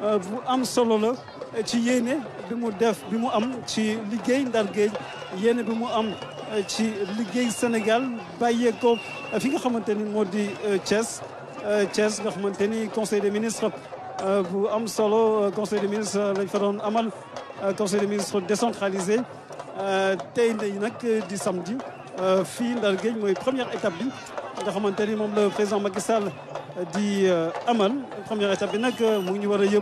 Vous euh, am solo la ci bi am ci bi am euh, ci Sénégal bàyyee ko euh, fi nga nga conseil des ministres am solo conseil des ministres amal conseil des ministres décentralisé di samedi fii première étape bi nga xamante ni moom président Macky Sall di euh, amal première étape bi nag euh, mu ngi ñu war euh,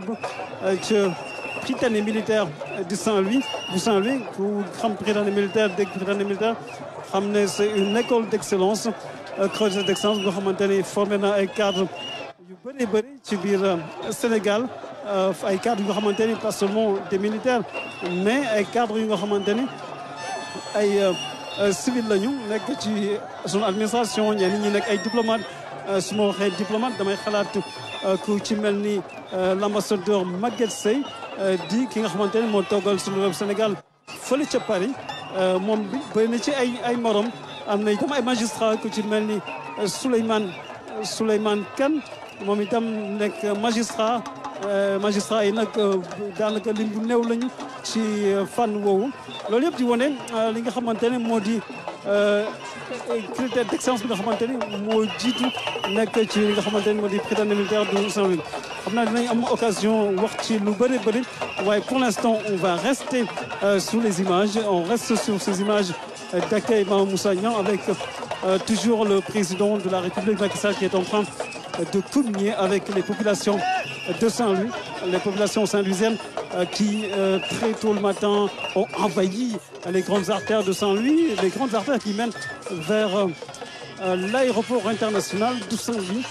militaire du Saint-Louis du Saint-Louis ku des militaires, militaire dégg militaire xam c'est une école d'excellence creuse d'excellence nous avons formé un ay cadres yu bëri bëri Sénégal ay cadres nous avons pas seulement des militaires mais ay cadres nous avons ay Euh, civil la ñu nekk ci suñu administration ñenn ñi nekk ay diplomate euh, su ma waxee diplomate damay xalaat euh, ku ci mel ni l' ambassadeur Maguette Seye di ki nga xamante ne moo toogal suñu réew Sénégal fële ca Paris moom bi bëri ci ay ay morom am na itam ay magistrat ku ci mel ni Souleymane Souleymane Kane moom itam nekk magistrat Euh, magistrat yi nag euh, daanaka lim bu néew lañu ci euh, fànn woowu loolu yëpp di wane li nga xamante ne moo di critère d'excellence bi nga xamante ne moo jiitu nekk ci li nga xamante ne moo di prétendant militaire du saint xam naa dinañ am occasion wax ci lu bëri bëri waaye pour l'instant on va rester sous les images on reste sur ces images d'accueil Mame Moussa Niang avec toujours le président de la République Macky Sall qui est en train de communier avec les populations de Saint-Louis, les populations saint-louisiennes euh, qui, euh, très tôt le matin, ont envahi les grandes artères de Saint-Louis, les grandes artères qui mènent vers euh, l'aéroport international de Saint-Louis.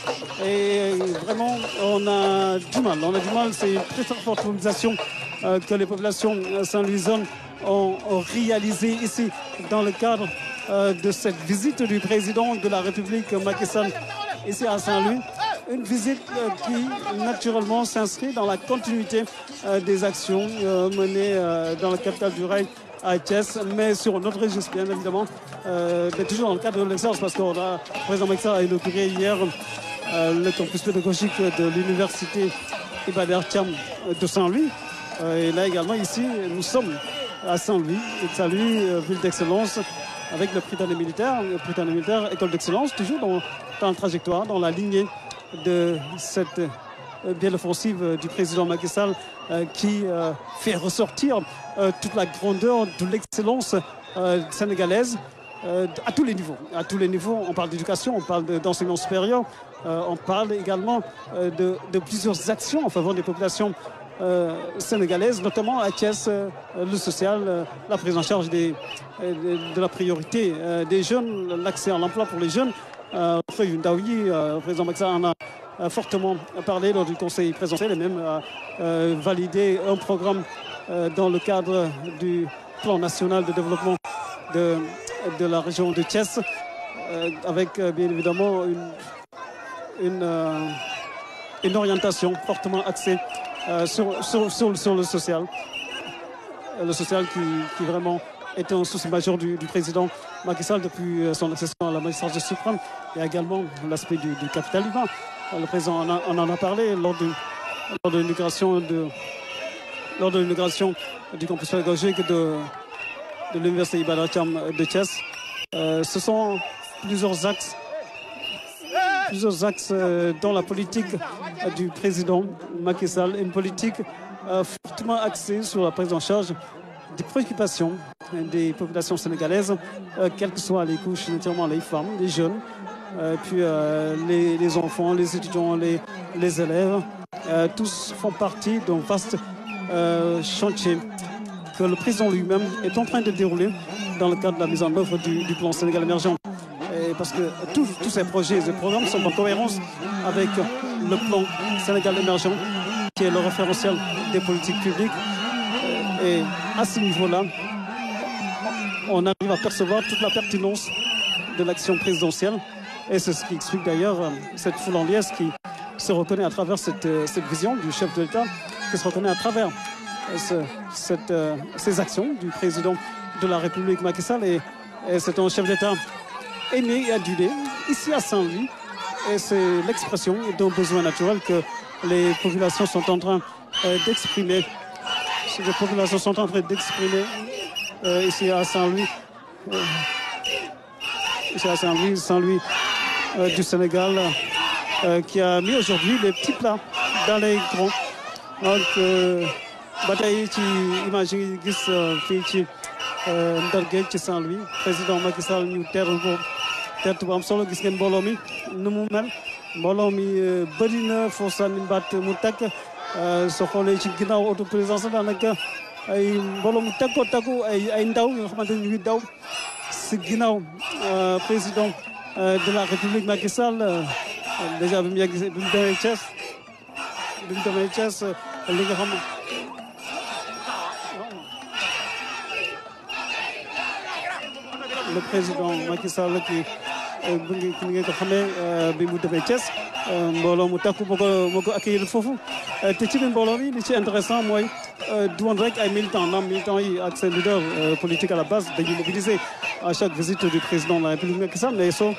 Et vraiment, on a du mal. On a du mal, c'est une très forte mobilisation que les populations saint-louisiennes ont réalisé ici dans le cadre de cette visite du président de la République Macky ici à Saint-Louis. Une visite euh, qui, naturellement, s'inscrit dans la continuité euh, des actions euh, menées dans la capitale du rail à Thiès, mais sur notre région, bien évidemment, mais toujours dans le cadre de l'excellence, parce qu'on a, le président Mexa a inauguré hier le campus pédagogique de l'université Ibader Thiam de Saint-Louis. et là également, ici, nous sommes à Saint-Louis, Saint-Louis, ville d'excellence, avec le prix d'année militaire, le prix militaire, école d'excellence, toujours dans, dans la trajectoire, dans la lignée de cette euh, belle offensive euh, du président Macky Sall euh, qui fait ressortir toute la grandeur, de l'excellence sénégalaise à tous les niveaux. À tous les niveaux, on parle d'éducation, on parle d'enseignement supérieur, on parle également de, plusieurs actions en faveur des populations sénégalaises, notamment à caisse, le social, la prise en charge de la priorité des jeunes, l'accès à l'emploi pour les jeunes. Euh, le président Maxa en a euh, fortement parlé lors du conseil présentiel et même a euh, validé un programme dans le cadre du plan national de développement de, la région de Thiès, avec bien évidemment une, une, orientation fortement axée sur, le social. Le social qui, vraiment était un souci majeur du, président Macky Sall depuis son accession à la magistrature suprême. Il y a également l'aspect du, capital humain. Le président on, en a parlé lors, de l'inauguration de lors de du campus pédagogique de, de l'université Ibadatiam de Thiès. Euh, ce sont plusieurs axes plusieurs axes euh, dans la politique du président Macky Sall, une politique euh, fortement axée sur la prise en charge des préoccupations des populations sénégalaises, quelles que soient les couches, notamment les femmes, les jeunes, et euh, puis euh, les, enfants, les étudiants, les, élèves, euh, tous font partie d'un vaste chantier que le président lui-même est en train de dérouler dans le cadre de la mise en œuvre du, plan Sénégal émergent. parce que tous, tous ces projets et ces programmes sont en cohérence avec le plan Sénégal émergent, qui est le référentiel des politiques publiques. Et à ce niveau-là, on arrive à percevoir toute la pertinence de l'action présidentielle. Et c'est ce qui explique d'ailleurs euh, cette foule qui se reconnaît à travers euh, cette, vision du chef de l'État, qui se reconnaît à travers euh, ces actions du président de la République Macky Sall. Et, et c'est un chef d'État aimé et adulé ici à Saint-Louis. Et c'est l'expression d'un besoin naturel que les populations sont en train d'exprimer. Les populations sont en train d'exprimer ici à Saint-Louis. ici à Saint-Louis, Saint-Louis euh, du Sénégal euh, qui a mis aujourd'hui les petits plats dans les grands. donc euh, bataille qui ci image yi gis fii ci Ndar Géej ci Saint-Louis président Macky Sall ñu Terre ko teertu bu am solo gis ngeen mbooloo mi nu mu mel mbooloo mi bëri na foo sànni mbaat mu teg soo xoolee ci ginnaaw auto présidence daanaka ay mbooloo mu teg ko ay ay ndaw yoo xamanteni ni ñu ngi daw si président euh, de la République Macky Sall euh, déjà bien mu y bi mu demee une bi le président Macky Sall qui euh, bu ngeen ko xamee euh, bi mu defee Thiès euh, mbooloo mu takku moo ko moo ko accueillir foofu te ci biir mbooloo mi li ci intéressant mooy du woon rek ay militants naam militants yi ak seen leader politique à la base dañuy mobiliser à chaque visite du président de la République Macky ça mais soo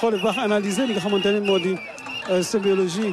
xoolee baax analyser li nga xamante ne moo di symbiologie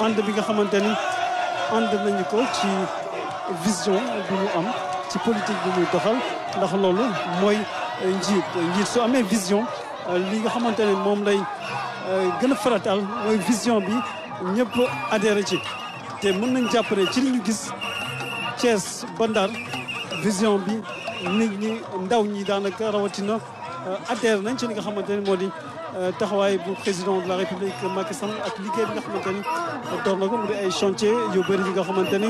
ànd bi nga xamante ni ànd nañu ko ci vision bi mu am ci politique bi muy doxal ndax loolu mooy njiit njiit soo amee vision li nga xamante ne moom lay euh, gën a faratal mooy vision bi ñëpp adhéré ci te mën nañ jàpp ne ci li ñu gis Thiès ba Ndar vision bi nit ñi ndaw ñi daanaka rawatina euh, adhéré nañ ci li nga xamante ne moo di Euh, taxaway bu président de la république Macky Sall ak liggéey bi nga xamante ni door na ko mu ay chantier yu bëri yi nga xamante ni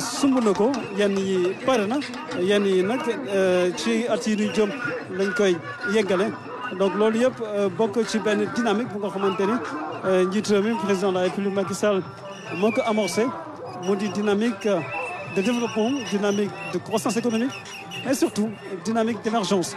sumb na ko yenn yi pare na yenn yi nag euh, ci at yi ñuy jëm lañ koy yëngale donc loolu yëpp euh, bokk ci benn dynamique bu nga xamante ni njiitu réew mi président de la république Macky Sall moo ko amorcé mu di dynamique de développement dynamique de croissance économique mais surtout dynamique d'émergence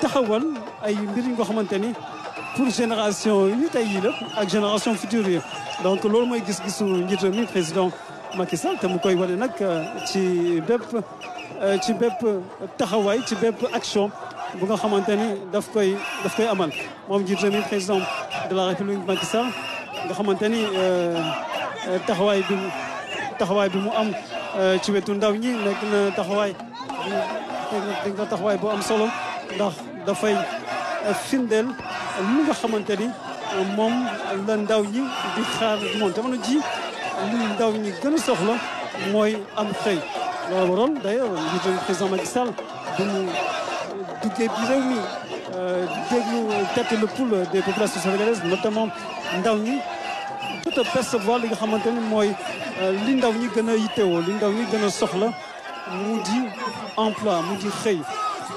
taxawal ay mbir nga xamante ni pour génération yi tey yii la ak génération future yi donc loolu mooy gis-gisu njiit mi président Macky Sall te mu koy wane nag euh, ci bépp euh, ci bépp taxawaay ci bépp action bu nga xamante ni daf koy daf koy amal moom njiit mi président de la république Macky Sall nga xamante ni euh, taxawaay bi taxawaay bi mu am ci wetu ndaw ñi nekk na taxawaay nekk na taxawaay bu am solo ndax dafay firndeel lu nga xamante ni moom la ndaw ñi di xaar moom jamono ji li ndaw ñi gën a soxla mooy am xëy loolu waroon d'ailleurs njiitu président Macky Sall bu mu duggee bi réew mi euh, déglu tête le poule des populations sénégalaises notamment ndaw ñi tout à percevoir li nga xamante ni mooy euh, li ndaw ñi gën a yittewoo li ndaw ñi gën a soxla mu di emploi mu di xëy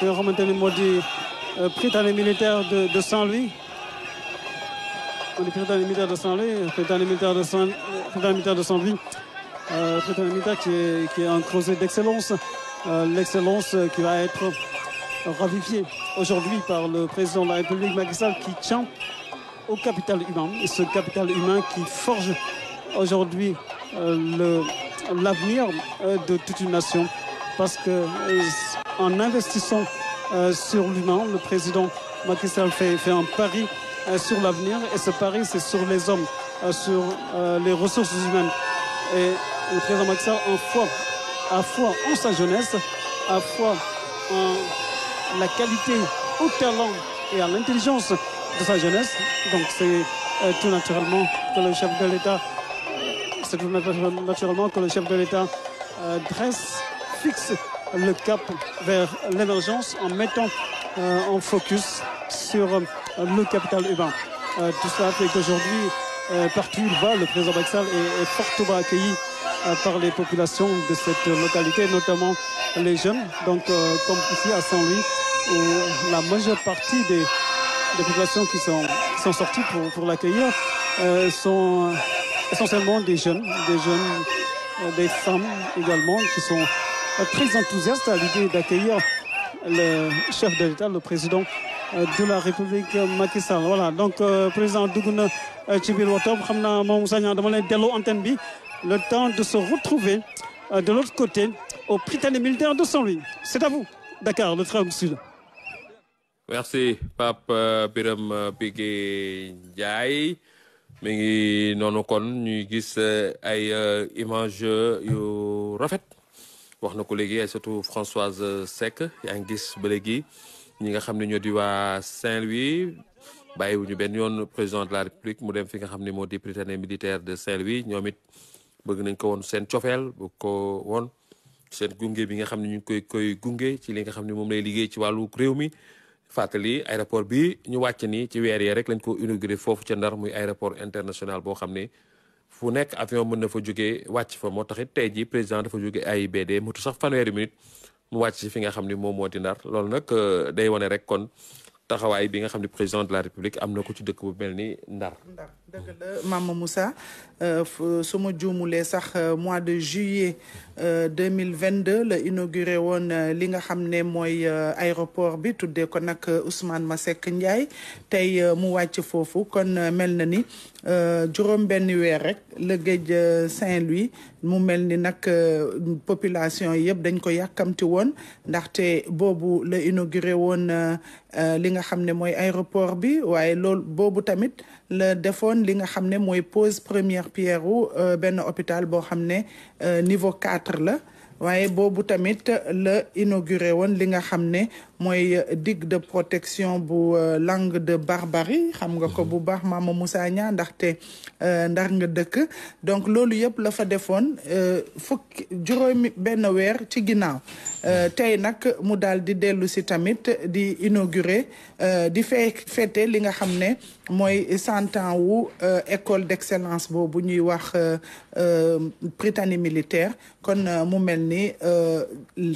ki nga xamante de moo militaire de de Saint-Louis est à à militaire de Saint-Louis euh, les militaires de Saint euh, de Saint-Louis euh, prytanée militaire qui est qui est un creuset d'excellence l'excellence qui va être ravifiée aujourd'hui par le président de la République Macky qui tient au capital humain et ce capital humain qui forge aujourd'hui le l'avenir de toute une nation parce que en investissant euh, sur l'humain. Le président Macky Sall fait, un pari euh, sur l'avenir et ce pari, c'est sur les hommes, euh, sur les ressources humaines. Et le président Macky Sall en foi, à foi en sa jeunesse, à foi en la qualité, au talent et à l'intelligence de sa jeunesse. Donc c'est tout naturellement que le chef de l'État, c'est tout naturellement que le chef de l'État dresse, fixe le cap vers l'émergence en mettant euh, en focus sur euh, le capital humain. Euh, tout cela fait qu'aujourd'hui, partout où il va, le président Baxal est, fortement accueilli par les populations de cette localité, notamment les jeunes. Donc, comme ici à Saint-Louis, où la majeure partie des, populations qui sont, qui sorties pour, pour l'accueillir sont essentiellement des jeunes, des jeunes, des femmes également qui sont euh, très enthousiaste à l'idée d'accueillir le chef de l'État, le président euh, de la République euh, Macky Sall voilà donc président Duguna na ci le temps de se retrouver de l'autre côté au Britannique militaire de Saint-Louis c'est à vous Dakar le très Sud merci Pape Bérem Bigué Ndiaye Mais nous kon ñuy wax na ko léegi Aïssatou Françoise Seck yaa ngi gis ba léegi ñi nga xam ne ñoo di waa Saint-Louis bàyyiwuñu benn yoon président de la République mu dem fi nga xam ni moo di Prytanée militaire de Saint-Louis ñoomit bëgg nañ ko woon seen cofeel bu ko woon seen gunge bi nga xam ne ñu ngi koy koy gunge ci li nga xam ne moom lay liggéey ci wàllu réew mi fàttali aéroport bi ñu wàcc ni ci weer yi rek lañ ko inauguré foofu ca Ndar muy aéroport international boo xam ne fu nekk avion mën na fa jógee wàcc fa moo taxit tey jii président dafa jóge AIBD mu tu sax fanweeri minute mu wàcc fi nga xam ni moom moo di Ndar loolu nag euh, day wane rek kon taxawaay bi nga xam président de la république am na ko ci dëkk bu mel ni Ndar. Ndar dëgg la Moussa euh, su ma juumulee sax euh, mois de juillet 2022, mille vingt deux la inauguré woon li nga xam ne mooy aéroport bi tuddee ko nag Ousmane Masseck Ndiaye tey mu wàcc foofu kon mel na ni. Durant euh, benn le rek le euh, Saint-Louis mu melni nak euh, population yeb dañ ko yakamti won ndaxte bobu le inauguré won li nga xam moy aéroport bi waye lol Bobu tamit le defoon li nga moy pose première pierre ou Ben hôpital bo xam niveau 4 la waye bobu tamit le inauguré won li nga ...moye digue de protection bu euh, langue de barbarie xam nga ko mhm. bu baax Mama Moussa Niang ndaxte euh, ndar nga donc lolu yëpp la fa defone euh, fuk juróomi ben wer ci ginaaw mhm. tey nak... mu daal di dellu tamit di inaugurer di fee li nga xamne moy cent ans wu école d'excellence bu ñuy wax britannique militaire kon mu melni ni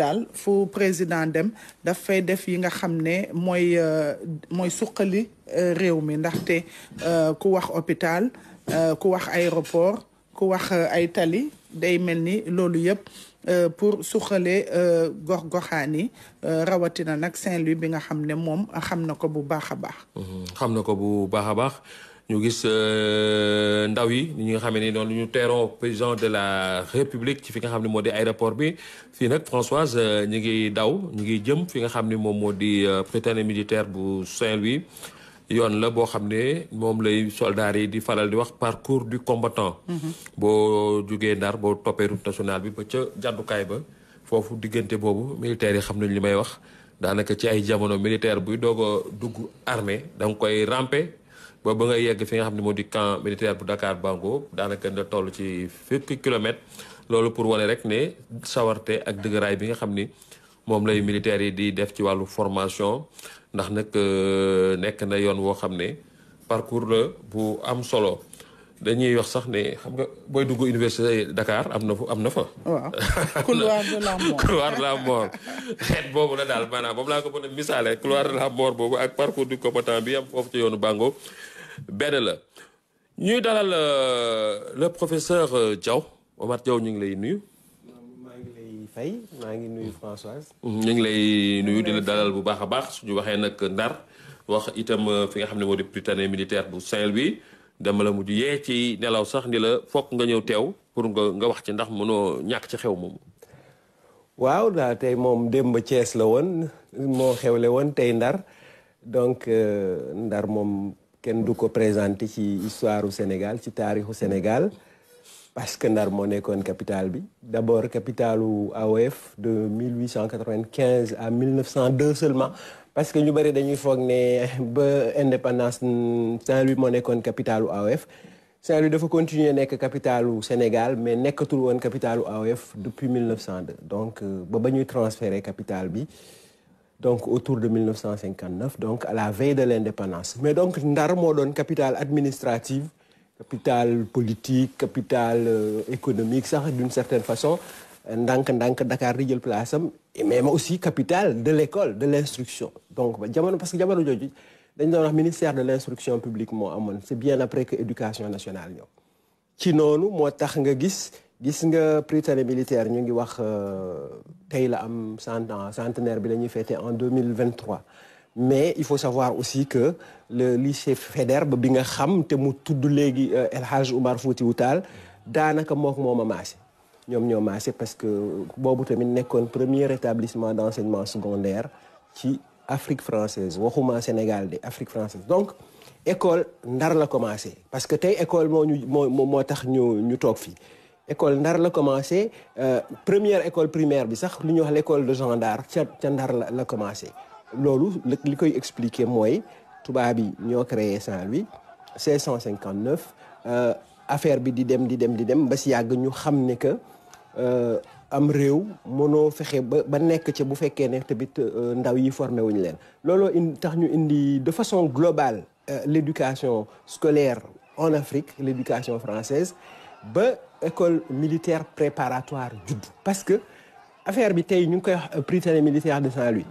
dal ...fou président dem dafay def yi nga xam ne mooy euh, mooy suqali euh, réew mi ndaxte euh, ku wax hôpital ku wax aéroport ku wax ay tali day mel ni loolu yëpp pour suqale gox goxaan yi rawatina nag Saint-Louis bi nga xam ne moom xam na ko bu baax a baax. Mm-hmm. xam na ko bu baax a baax ñu gis euh, ndaw yi ñi nga xam ne ñu teeroo président de la république ci fi nga xam ne aéroport bi fii nag Françoise euh, ñi ngi daw ñi ngi jëm fi nga xam ne moom moo euh, militaire bu Saint-Louis yoon la boo xam ne moom lay soldat yi di faral di wax parcours du combattant mhm. Bo jugee Ndar bo toppee route nationale bi ba ca kay ba fofu diggante bobu militaire yi xam nañ li wax danaka ci ay jamono militaire bu dogo a dugg armée dang koy ramper boobu ba nga yegg fi nga xam ne moo di camp militaire bu dakaar Bango daanaka nga toll ci fukki kilomètres loolu pour wane rek ne sawarte ak dëgëraay bi nga xam ni moom lay militaires yi di def ci wàllu formation ndax nag euh, nekk na yoon woo xam ne parcours la bu am solo dañuy yox sax ne xam nga booy dugg université dakaar am na fa am na fa. waaw couloir de la mort couloir de la mort. boobu la daal maanaam moom laa ko mën misaale couloir la mort boobu ak parcours du combattant bi am foofu ci yoonu Bango. benn la ñuy dalal euh, le professeur euh, Diaw Omar Diaw ñu ngi lay nuyu. maa ngi lay fay maa ngi nuyu Françoise. ñu ngi lay nuyu dina la dalal bu baax a baax suñu waxee nag ndar wax itam euh, fi nga xam ne moo di Prytanée militaire bu Saint-Louis dama la mujj yee ci nelaw sax ni la fokk nga ñëw teew pour nga nga wax ci ndax munoo ñàkk ci xew moomu. waaw daa tey moom démb Thiès la woon moo xewle woon tey ndar donc ndar moom. Nous du présenté ci histoire au Sénégal ci au Sénégal parce que Ndar moo nekkoon capitale bi d'abord au AOF de 1895 à 1902 seulement parce que ñu bari dañuy foog ne ba indépendance Saint-Louis moo capitale au AOF Saint-Louis dafa continuer nekk au Sénégal mais le capitale au AOF depuis 1902 donc euh, ba bañuy transférer capitale bi donc autour de 1959 donc à la veille de l'indépendance mais donc Ndar un capital capitale administrative capitale politique capitale euh, économique ça, d'une certaine façon et même Dakar di place aussi capitale de l'école de l'instruction donc parce que nous avons dañ ministère de l'instruction publique c'est bien après que éducation nationale gis nga prytanée militaire ñu ngi wax euh, tey la am cent ans centenaire bi fêté en 2023 mais il faut savoir aussi que le lycée Faidherbe bi nga xam té mu tudd légui euh, El Hadj Oumar Foutiyou Tall daanaka mook moom a maase ñoom ñoo maase parce que bobu tamit nékkone premier établissement d'enseignement secondaire ci Afrique française waxuma Sénégal de Afrique française donc école ndar la commencé parce que tay école mo ñu mo moo tax ñu ñu tok fi école ndar la commencé euh, première école primaire bi sax lu ñu wax l'école de gendarme d'Arc ndar la la commencé lolu li koy expliquer moy tuba bi ñoo créé Saint-Louis 1659 euh, affaire bi di dem di dem di dem ba si yag ñu xamné que euh, am rew mono fexé ba ba nekk bu fekkee ne tamit euh, ndaw yi formé wuñ leen lolu tax ñu indi de façon globale l'éducation scolaire en Afrique l'éducation française ba école militaire préparatoire parce que affaire bi y une euh, militaire de Saint-Louis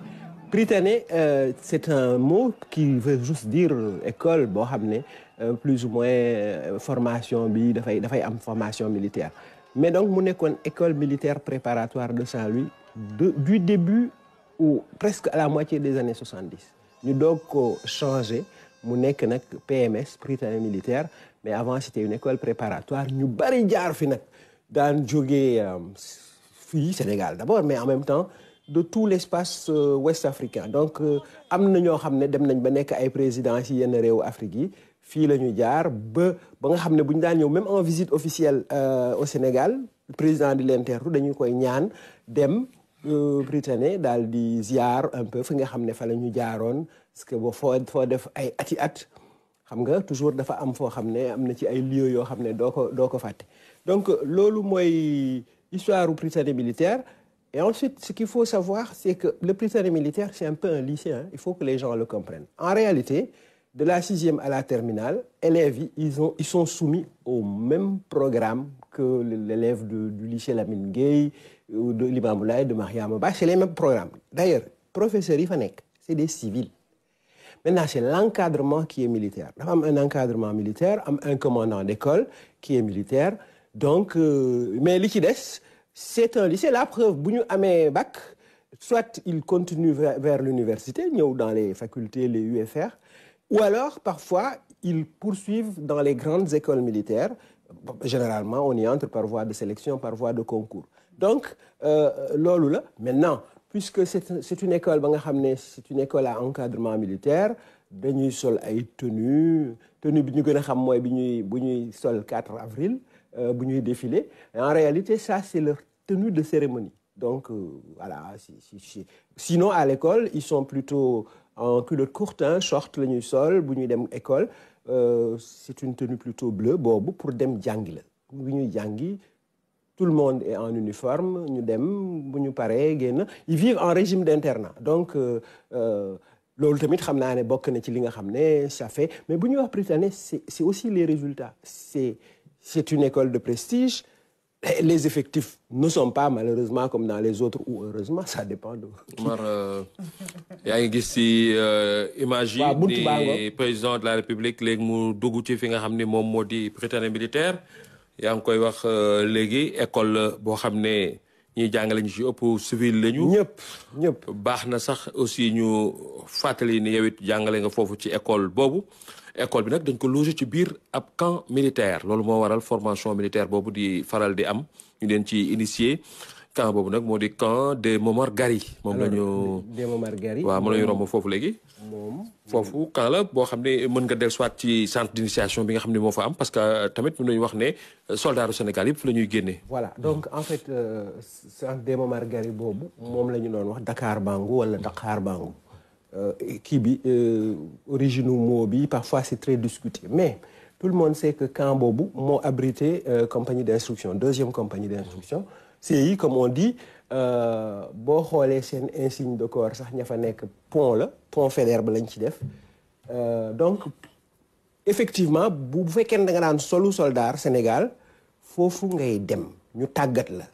Pritanné, euh, c'est un mot qui veut juste dire euh, école bon, plus ou moins formation formation militaire mais donc mu une école militaire préparatoire de Saint-Louis du début ou presque à la moitié des années 70 Nous avons donc changé mu avons PMS Pritanné militaire mais avant c'était une école préparatoire ñu bari jaar fi nak daan jógee euh, fi Sénégal d'abord mais en même temps de tout l'espace euh, ouest africain donc euh, am na ñoo xamné dem nañ ba nek ay présidents ci yenn réewu Afrique yi fi lañu jaar ba ba nga xamné ne daan même en visite officielle au Sénégal le président de leen dañu koy ñaan dem Britannique dal di ziar un peu fi nga xamné fa lañu jaaroon parce que bo fo foo def ay ati at xam toujours dafa am foo xam ne am na ci ay lieux yoo xam ne doo ko donc loolu mooy histoire prisonnier militaire et ensuite ce qu'il faut savoir c'est que le prisonnier militaire c'est un peu un lycéen hein. il faut que les gens le comprennent en réalité de la sixième à la terminale les élèves ils sont soumis au même programme que l'élève du lycée Lamine Gueye de Limamoulaye de Mariam Ba c'est les mêmes programmes d'ailleurs professeur yi c'est des civils Maintenant, c'est l'encadrement qui est militaire. a un encadrement militaire un commandant d'école qui est militaire donc euh, mais liquides c'est un lycée la preuve bu ñu bac soit il continue vers, l'université ou dans les facultés les UFR ou alors parfois ils poursuivent dans les grandes écoles militaires généralement on y entre par voie de sélection par voie de concours donc euh, maintenant puisque c'est une école ba nga c'est une école à encadrement militaire dañuy sol ay tenue tenue bi ñu a xam moy bi sol 4 avril euh, bu ñuy défilé en réalité ça c'est leur tenue de cérémonie donc euh, voilà sinon à l'école ils sont plutôt en culotte courte hein short la sol bu dem école euh, c'est une tenue plutôt bleue bobu pour dem gens bu ñuy tout le monde est en uniforme ñu dem nous ils vivent en régime d'internat donc euh, euh, loolu tamit bokk na ça fait mais c'est aussi les résultats c'est c'est une école de prestige les effectifs ne sont pas malheureusement comme dans les autres ou heureusement ça dépend de Omar euh, yaa ngi gis ci imagine président de la République léegi mu qui ci fi nga militaire yaa ngi koy wax euh, léegi école boo xam ne ñiy jàngale ñu ci ëpp civil lañu. ñëpp ñëpp baax na sax aussi ñu fàttali ni yow it jàngale nga foofu ci école boobu. école bi nag dañ ko loger ci biir ab camp militaire loolu moo waral formation militaire boobu di faral di am ñu leen ci initier. camp bobu nak modi camp de Momar Gari mom lañu ñu de Momar Gari waaw moom la ñu romb fofu léegi moom foofu camp la bo xamné meun mën nga dellusiwaat ci centre d'initiation bi nga xamné mo fa am parce que euh, tamit meun ñu wax euh, soldats du Sénégal yëpp lañuy la voilà donc en fait euh, centre de Momar Gari bobu mom lañu non wax Dakar bangou wala Dakar bangou qui bi origine mot bi parfois c'est très discuté mais tout le monde sait que camp bobu mo abrité compagnie d'instruction deuxième compagnie d'instruction CI comme on dit euh, boo xoolee seen insigne de corps sax ña fa nekk pont la pont Faidherbe lañ ci def euh, donc effectivement bu bu fekkee ne da nga daan solu soldat, Sénégal foofu ngay dem ñu tàggat la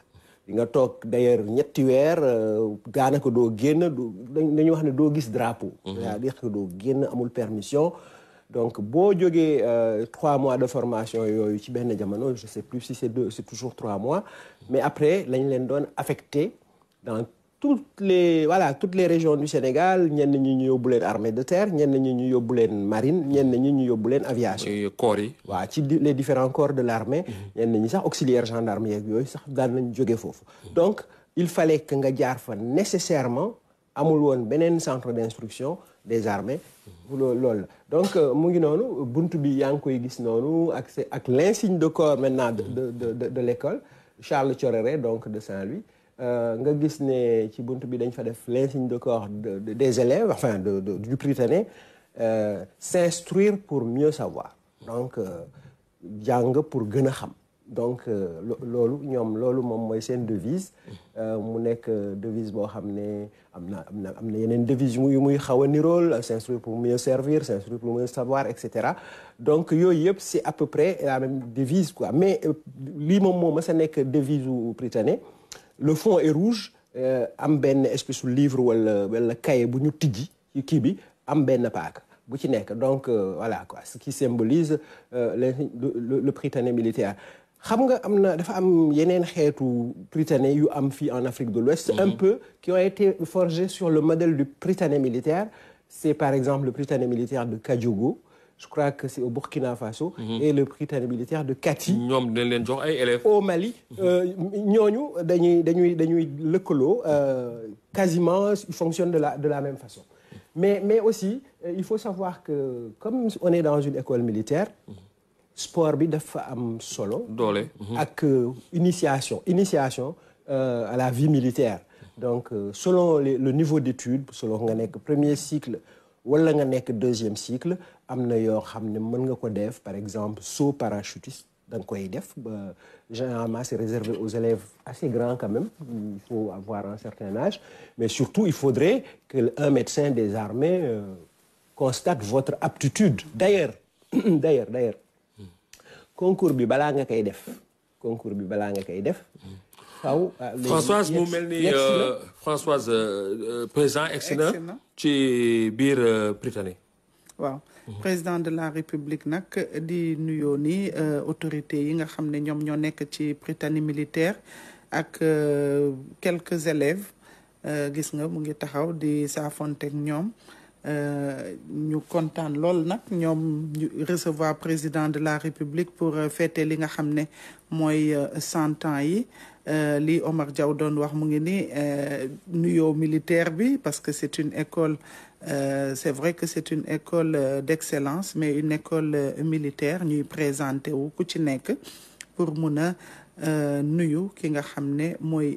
di nga toog d'ailleurs ñetti weer euh, daanaka doo génn dañuy wax ne doo gis drapeau. Mm-hmm. c'est-à-dire que doo génn amul permission donc vous euh, avez trois mois de formation je ne sais plus si c'est deux c'est toujours trois mois mais après on leen affecté dans toutes les voilà toutes les régions du Sénégal On ñi ñu des armée de terre ñenn ñi ñu marine ñenn ñi ñu aviations. corps les différents corps de l'armée. Mhm. ñenn ñi sax auxiliaire gendarmerie, yeeg yooyu mhm. donc il fallait que nga nécessairement amul centre d'instruction des armées donc euh, mu ngi noonu bunt bi yaa koy l'insigne de corps maintenant de de de de l'école Charles Thioréré donc de Saint-Louis euh, nga gis ne ci buntu bi dañ fa def l'insigne de corps des élèves enfin de du Prytanée euh, s'instruire pour mieux savoir donc jàng pour gën a xam donc euh, l'olu ñom l'olu mom moy sen devise euh, mu nek euh, devise bo xamné amna amna amna yenen devise am devise yu muy xaw a nirool s'instruire pour mieux servir s'instruire pour mieux savoir et cetera donc yooyu yep c'est à peu près la même devise quoi mais li mom mo mës nek devise britannique le fond est rouge am benn espèce de livre wala wala cahier bu ñu tijji ci kii bi am ben pack bu ci nek donc voilà quoi ce qui symbolise le le militaire xam nga am na dafa am en Afrique de l'Ouest un mhm. peu qui ont été forgés sur le modèle du prétané militaire c'est par exemple le prétané militaire de Kadiogo je crois que c'est au Burkina Faso mhm. et le prétané militaire de Kati dañ élèves au Mali mhm. euh, ñooñu dañuy dañuy dañuy euh, quasiment ils fonctionnent de la de la même façon mais mais aussi euh, il faut savoir que comme on est dans une école militaire sport bi dafa am solo. doole euh, initiation initiation euh, à la vie militaire. donc euh, selon le niveau d'études, selon nga premier cycle wala nga deuxième cycle am na yoo nga ko def par exemple saut parachutiste généralement c'est réservé aux élèves assez grands quand même il faut avoir un certain âge mais surtout il faudrait que un médecin des armées constate votre aptitude d'ailleurs d'ailleurs d'ailleurs concours bi bala nga kay def concours bi bala nga kay def. waaw ah, Françoise mu mel euh, Françoise euh, euh, président ex ci bir Britannique. waaw mhm. président de la république nak di nuyoo ni autorité yi nga xamné ñom ñoom ñoo nekk ci Britannie militaire ak quelques élèves gis nga mu ngi taxaw di saafonteeg ñoom nous sommes l'ol de recevoir recevoir président de la république pour euh, fêter li nga xamné moy 100 euh, ans yi euh, li Omar Diaw doon wax mu ngi ni militaire bi parce que c'est une école c'est vrai que c'est une école d'excellence mais une école militaire ñuy présente wu ku ci pour mëna a nuyo ki nga xamné moy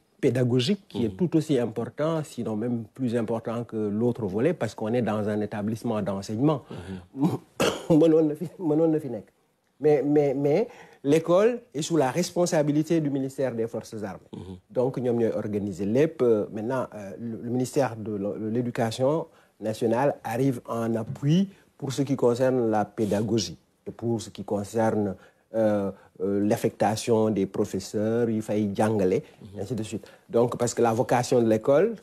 pédagogique qui est mhm. tout aussi important, sinon même plus important que l'autre volet, parce qu'on est dans un établissement d'enseignement. Mhm. mais, mais, mais l'école est sous la responsabilité du ministère des Forces armées. Mhm. Donc, nous avons organisé l'EP. Euh, maintenant, euh, le ministère de l'Éducation nationale arrive en appui pour ce qui concerne la pédagogie et pour ce qui concerne euh, euh, l'affectation des professeurs il fay et ainsi de suite donc parce que la vocation de l'école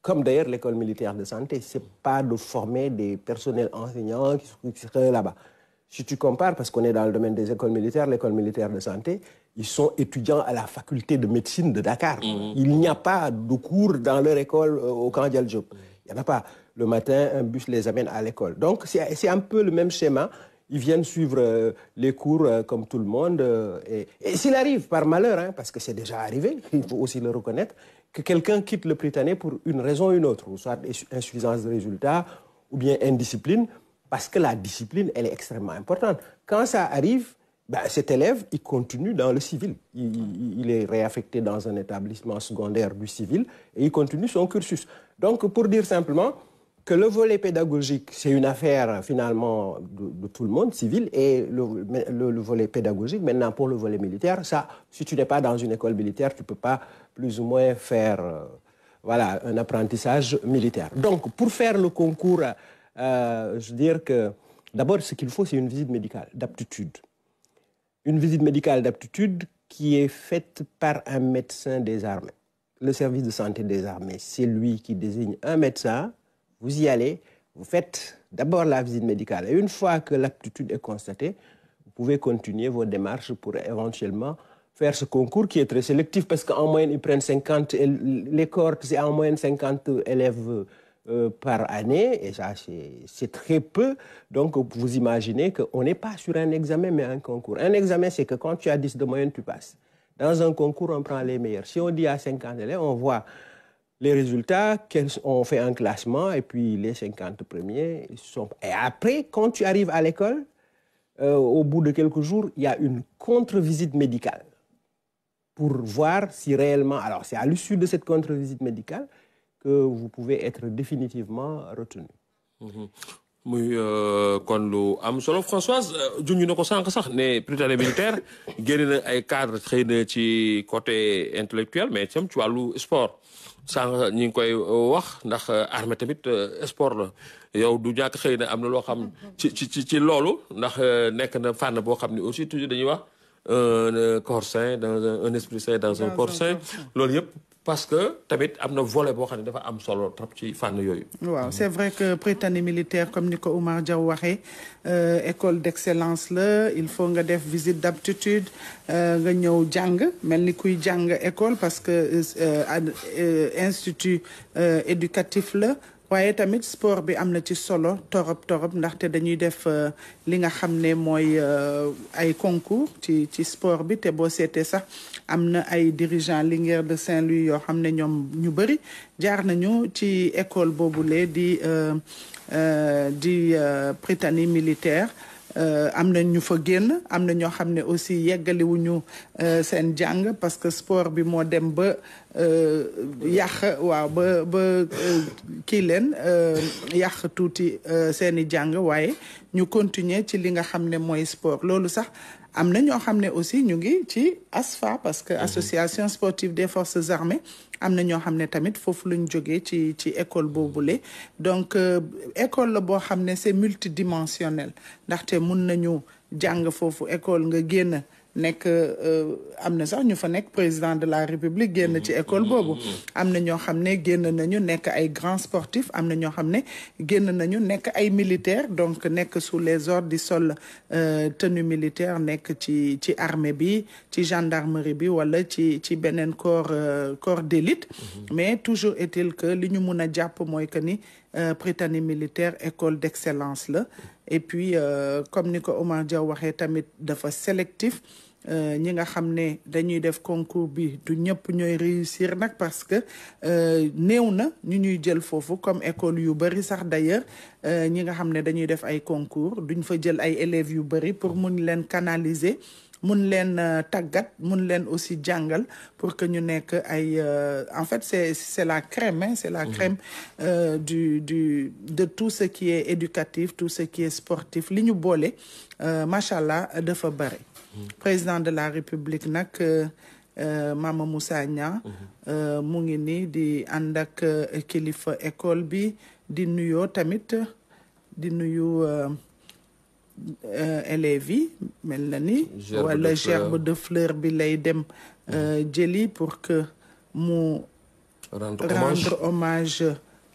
comme d'ailleurs l'école militaire de santé c'est pas de former des personnels enseignants qui seraient là-bas si tu compares parce qu'on est dans le domaine des écoles militaires l'école militaire de santé ils sont étudiants à la faculté de médecine de Dakar mmh. il n'y a pas de cours dans leur école euh, au Camp il n'y en a pas le matin un bus les amène à l'école donc c'est un peu le même schéma ils viennent suivre euh, les cours euh, comme tout le monde. Euh, et, s'il arrive, par malheur, hein, parce que c'est déjà arrivé, il faut aussi le reconnaître, que quelqu'un quitte le Britannique pour une raison ou une autre, soit insuffisance de résultats ou bien indiscipline, parce que la discipline, elle est extrêmement importante. Quand ça arrive, ben, cet élève, il continue dans le civil. il, est réaffecté dans un établissement secondaire du civil et il continue son cursus. Donc, pour dire simplement, que le volet pédagogique, c'est une affaire finalement de, tout le monde, civil, et le, volet pédagogique, maintenant pour le volet militaire, ça, si tu n'es pas dans une école militaire, tu ne peux pas plus ou moins faire euh, voilà, un apprentissage militaire. Donc, pour faire le concours, euh, je veux dire que d'abord, ce qu'il faut, c'est une visite médicale d'aptitude. Une visite médicale d'aptitude qui est faite par un médecin des armées. Le service de santé des armées, c'est lui qui désigne un médecin vous y allez, vous faites d'abord la visite médicale. Et une fois que l'aptitude est constatée, vous pouvez continuer vos démarches pour éventuellement faire ce concours qui est très sélectif parce qu'en moyenne, ils prennent 50, les corps, c'est en moyenne 50 élèves euh, par année, et ça, c'est très peu. Donc, vous imaginez qu'on n'est pas sur un examen, mais un concours. Un examen, c'est que quand tu as 10 de moyenne, tu passes. Dans un concours, on prend les meilleurs. Si on dit à 50 élèves, on voit les résultats, on fait un classement et puis les 50 premiers sont... Et après, quand tu arrives à l'école, euh, au bout de quelques jours, il y a une contre-visite médicale pour voir si réellement... Alors, c'est à l'issue de cette contre-visite médicale que vous pouvez être définitivement retenu. Mhm. muy euh, kon lu am solo Françoise euh, junj na ko sànq sax ne prytanée militaire génn na ay cadre xëy na ci coté intellectuel mais tam ci wàllu sport sànq ñi ngi koy euh, wax ndax armée tamit sport la yow du ñàkk xëy na am na loo xam ci ci ci loolu ndax nekk na fànn boo xam ne aussi toujours dañuy wax un corps sain dans un esprit sain dans un corps loolu yëpp parce que tamit amna na volet boo xam dafa am solo trop ci fan yooyu. waaw c'est vrai que Prytanée militaire comme ni ko Oumar Diaw euh, école d'excellence là, il faut nga def visite d'aptitude euh, nga ñëw jang melni kuy jang école parce que euh, institut éducatif là waaye tamit sport bi amna ci solo torop torop ndaxte dañuy def euh, li nga xamné moy euh, ay concours ci ci sport bi té bo seetee sax amna ay dirigeants Linguère de Saint-Louis yo xamné ñom ñu bari jaar nañu ci école boobule di euh, di Prytanée militaire. Euh, am na ñu fa génn am na ñoo xam ne aussi yeggaliwuñu euh, seen jàng parce que sport bi moo dem ba euh, yàq waaw ba ba kii leen yàq tuuti seeni jàng waaye ñu continuer ci li nga xam ne mooy sport loolu sax am na ñoo xam ne aussi ñu ngi ci ASFA parce que mhm. association sportive des forces armées am na ñoo xam ne tamit foofu lañ jógee ci ci école boobule donc euh, école la boo xam ne c'est multidimensionnel ndaxte mun nañu jàng foofu école nga génn nek euh, amna sax ñu fa nek président de la république génn ci école bobu amna ño xamné xam génn nañu nek ay grands sportifs amna ño xamné xam génn nañu nek ay militaires donc nek sous les ordres du sol euh, tenue militaire nek ci ci armée bi ci gendarmerie bi wala ci ci benen corps euh, corps d'élite mhm. mais toujours est-il que li ñu mëna japp moy que ni euh, Prytanée militaire école d'excellence là et puis comme ni ko Omar Diaw waxé tamit dafa sélectif euh, ñi nga xam ne dañuy def concours bi du ñëpp ñooy réussir nag parce que euh, néew na ñu ñuy jël foofu comme école yu bari sax d'ailleurs euh, ñi nga xam ne dañuy def ay concours duñ fa jël ay élèves yu bari pour mun leen canaliser mun leen tàggat mun leen aussi jàngal pour que ñu nekk ay en fait c'est c'est la crème hein, c'est la mhm. crème du du de tout ce qui est éducatif tout ce qui est sportif li ñu boole macha allah dafa président de la république nak euh, euh, Mama Moussa Nia euh, mu ngi ni di andak kilifa école bi di nuyo tamit di nuyu élèves yi gerbe de fleur bi lay dem pour que mu rendre hommage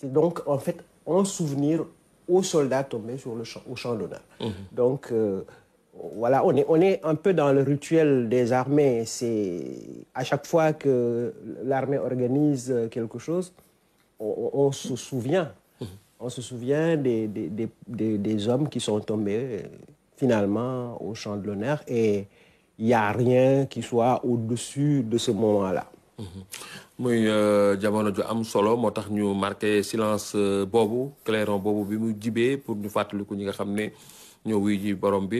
c'est donc en fait un souvenir aux soldats tombés sur le champ, au champ d'honneur. Mhm. Donc euh, voilà, on est, on est un peu dans le rituel des armées. C'est à chaque fois que l'armée organise quelque chose, on, se souvient. On se souvient mhm. des, des, hommes qui sont tombés finalement au champ de l'honneur et il n'y a rien qui soit au-dessus de ce moment-là. Mhm. muy euh, jamono ju am solo moo tax ñu marqué silence euh, boobu clairon boobu bi mu jibee pour ñu fàttaliku ñi nga xam ne ñoo wuy ji borom bi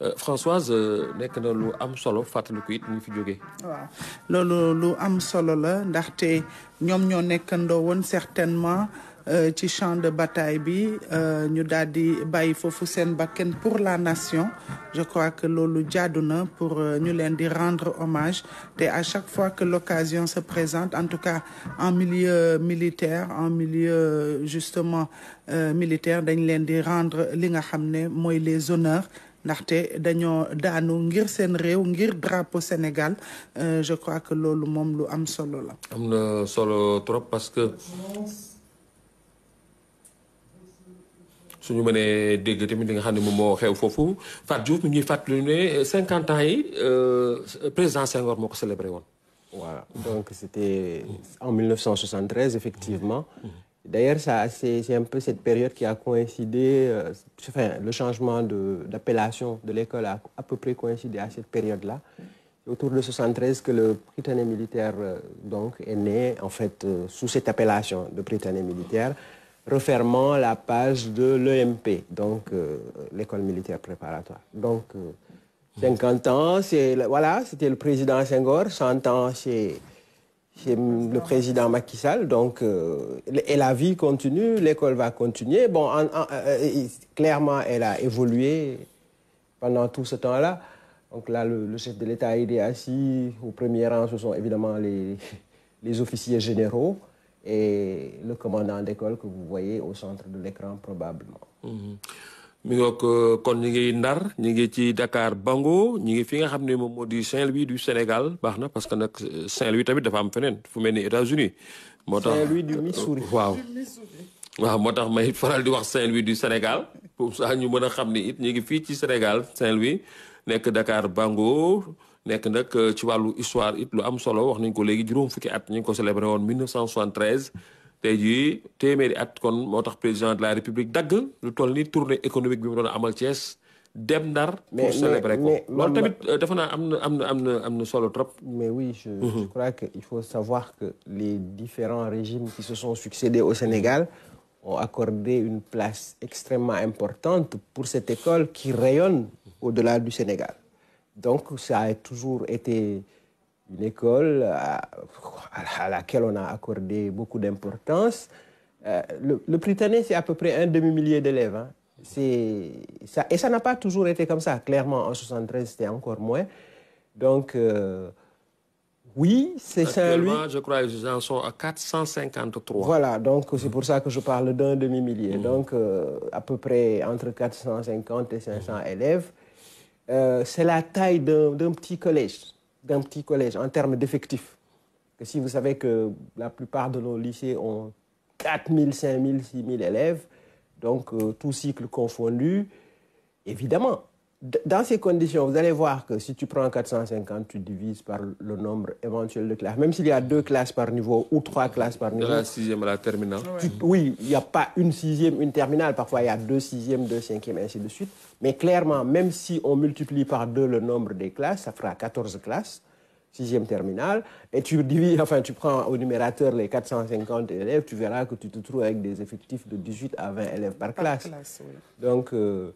euh, Françoise nekk na lu am solo fàttaliku it mu fi jógee. waaw loolu lu am solo la ndaxte ñoom ñoo nekkandoo woon certainement. Euh, ci champ de bataille bi euh, ñu daal di bàyyi faire seen bakken pour la nation je crois que lolu jaadu na pour euh, ñu leen di rendre hommage Et à chaque fois que l'occasion se présente en tout cas en milieu militaire en milieu justement militaire dañ leen di rendre li nga xamné moy les honneurs ndaxte dañoo daanu ngir seen réew ngir drapeau Sénégal je crois que loolu moom lu am solo la. am solo trop parce que. suñu 50 ans euh, président Voilà. Donc c'était en 1973, effectivement. Mm-hmm. D'ailleurs, c'est un peu cette période qui a coïncidé, euh, le changement d'appellation de, l'école a à peu près coïncidé à cette période-là. Autour de 73 que le Britannique militaire euh, donc, est né, en fait, sous cette appellation de Britannique militaire refermant la page de l'EMP, donc euh, l'école militaire préparatoire. Donc, 50 euh, ans, voilà, c'était le président Senghor, 100 ans chez, le président Macky Sall. Donc, euh, et la vie continue, l'école va continuer. Bon, clairement, elle a évolué pendant tout ce temps-là. Donc là, le, chef de l'État est assis. Au premier rang, ce sont évidemment les officiers généraux et le commandant d'école que vous voyez au centre de l'écran probablement. Mhm. mi ngoog euh, kon ñu ngi Ndar Dakar Bango nous ngi fi nga Saint-Louis du Sénégal parce que euh, Saint-Louis tamit dafa am feneen fu mel États-Unis Saint-Louis du Missouri euh, waaw waaw moo may faral di wax Saint-Louis du Sénégal pour ça nous mën a xam ni it ñu Sénégal Saint-Louis nek Dakar Bango nek nak euh, ci walu histoire it lu am solo wax nañ ko léegi juroom fukki at ñu ko célébré woon 1973 tay ji téeméeri at kon motax président de la république dag lu toll ni tournée économique bi mu doon amal dem nar pour célébrer ko tamit euh, dafa am na solo trop. mais oui mhm. je, crois que il faut savoir que les différents régimes qui se sont succédés au Sénégal ont accordé une place extrêmement importante pour cette école qui rayonne au-delà du Sénégal. Donc, ça a toujours été une école euh, à, laquelle on a accordé beaucoup d'importance. Euh, le, le Britannique, c'est à peu près un demi-millier d'élèves. Hein. et ça n'a pas toujours été comme ça. Clairement, en 73, c'était encore moins. Donc, euh, oui, c'est ça. louis je crois qu'ils en sont à 453. Voilà, donc c'est pour ça que je parle d'un demi-millier. Donc, à peu près entre 450 et 500 élèves. Euh, c'est la taille d'un petit collège, d'un petit collège en termes d'effectifs. si vous savez que la plupart de nos lycées ont 4 000, 5 000, 6 000 élèves, donc euh, tout cycle confondu, évidemment, dans ces conditions, vous allez voir que si tu prends 450, tu divises par le nombre éventuel de classes. Même s'il y a deux classes par niveau ou trois classes par niveau. De la sixième à la terminale. oui, il n'y a pas une sixième, une terminale. Parfois, il y a deux sixièmes, deux cinquièmes, ainsi de suite. Mais clairement, même si on multiplie par deux le nombre des classes, ça fera 14 classes, sixième terminale. Et tu divises, enfin, tu prends au numérateur les 450 élèves, tu verras que tu te trouves avec des effectifs de 18 à 20 élèves par classe. Donc. Euh,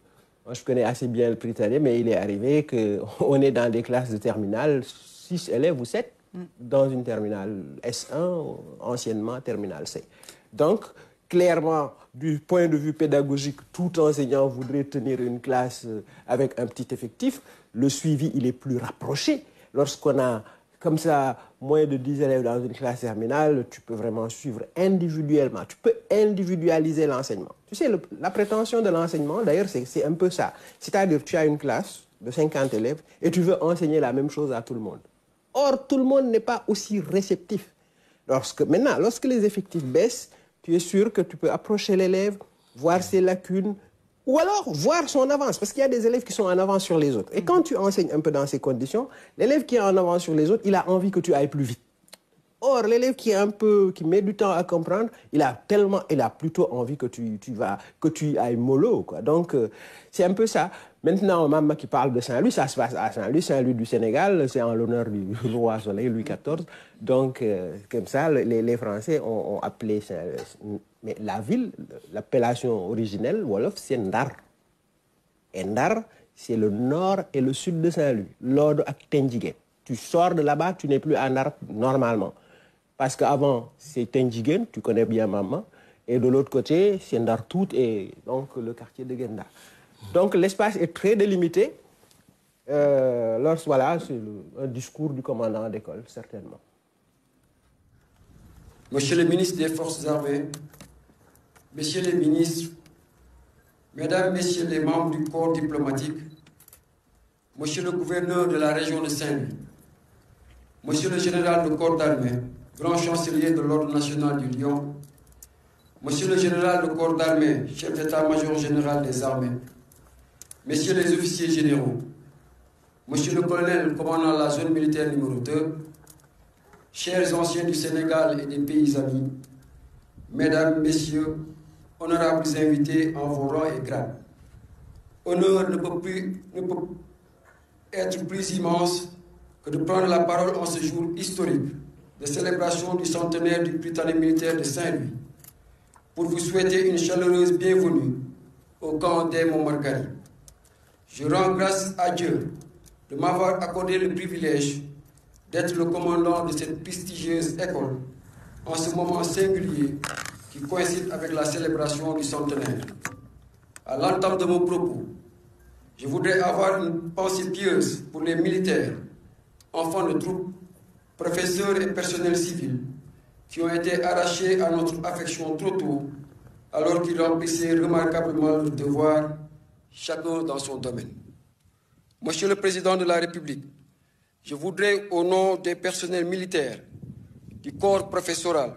je connais assez bien le italien, mais il est arrivé qu'on est dans des classes de terminale, 6 élèves ou 7, mm. dans une terminale S1, anciennement terminale C. Donc, clairement, du point de vue pédagogique, tout enseignant voudrait tenir une classe euh, avec un petit effectif. Le suivi, il est plus rapproché. Lorsqu'on a comme ça moins de 10 élèves dans une classe terminale, tu peux vraiment suivre individuellement. Tu peux individualiser l'enseignement. Tu sais, la prétention de l'enseignement, d'ailleurs, c'est un peu ça. C'est-à-dire, tu as une classe de 50 élèves et tu veux enseigner la même chose à tout le monde. Or, tout le monde n'est pas aussi réceptif. Lorsque, maintenant, lorsque les effectifs baissent, tu es sûr que tu peux approcher l'élève, voir ses lacunes, ou alors voir son avance, parce qu'il y a des élèves qui sont en avance sur les autres. Et quand tu enseignes un peu dans ces conditions, l'élève qui est en avance sur les autres, il a envie que tu ailles plus vite. Or, l'élève qui est un peu, qui met du temps à comprendre, il a tellement, il a plutôt envie que tu, tu vas, que tu ailles mollo, quoi. Donc, euh, c'est un peu ça. Maintenant, maman qui parle de Saint-Louis, ça se passe à Saint-Louis, Saint-Louis du Sénégal, c'est en l'honneur du roi soleil Louis XIV. Donc, euh, comme ça, les, Français ont, appelé mais la ville, l'appellation originelle, Wolof, c'est Ndar. Ndar, c'est le nord et le sud de Saint-Louis, l'Ordre de tendiguet, Tu sors de là-bas, tu n'es plus à Ndar normalement. Parce qu'avant, c'est Tendjigen, tu connais bien maman. Et de l'autre côté, c'est Ndartout et donc le quartier de Genda. Donc l'espace est très délimité. Euh, voilà, c'est un discours du commandant d'école, certainement. Monsieur le ministre des Forces armées, Monsieur les ministres, Mesdames, Messieurs les membres du corps diplomatique, Monsieur le gouverneur de la région de Seine, Monsieur le général du corps d'armée, grand chancelier de l'Ordre national du Lyon, Monsieur le général de corps d'armée, chef d'état-major général des armées, Messieurs les officiers généraux, Monsieur le colonel commandant la zone militaire numéro 2, chers anciens du Sénégal et des pays amis, Mesdames, Messieurs, honorables invités en vos rangs et grades, honneur ne peut, plus, ne peut être plus immense que de prendre la parole en ce jour historique de célébration du centenaire du Britannique militaire de Saint-Louis pour vous souhaiter une chaleureuse bienvenue au camp des Montmargari. Je rends grâce à Dieu de m'avoir accordé le privilège d'être le commandant de cette prestigieuse école en ce moment singulier qui coïncide avec la célébration du centenaire. À l'entente de mon propos, je voudrais avoir une pensée pieuse pour les militaires, enfants de troupes professeurs et personnels civils, qui ont été arrachés à notre affection trop tôt, alors qu'ils remplissaient remarquablement le devoir, chacun dans son domaine. Monsieur le Président de la République, je voudrais, au nom des personnels militaires, du corps professoral,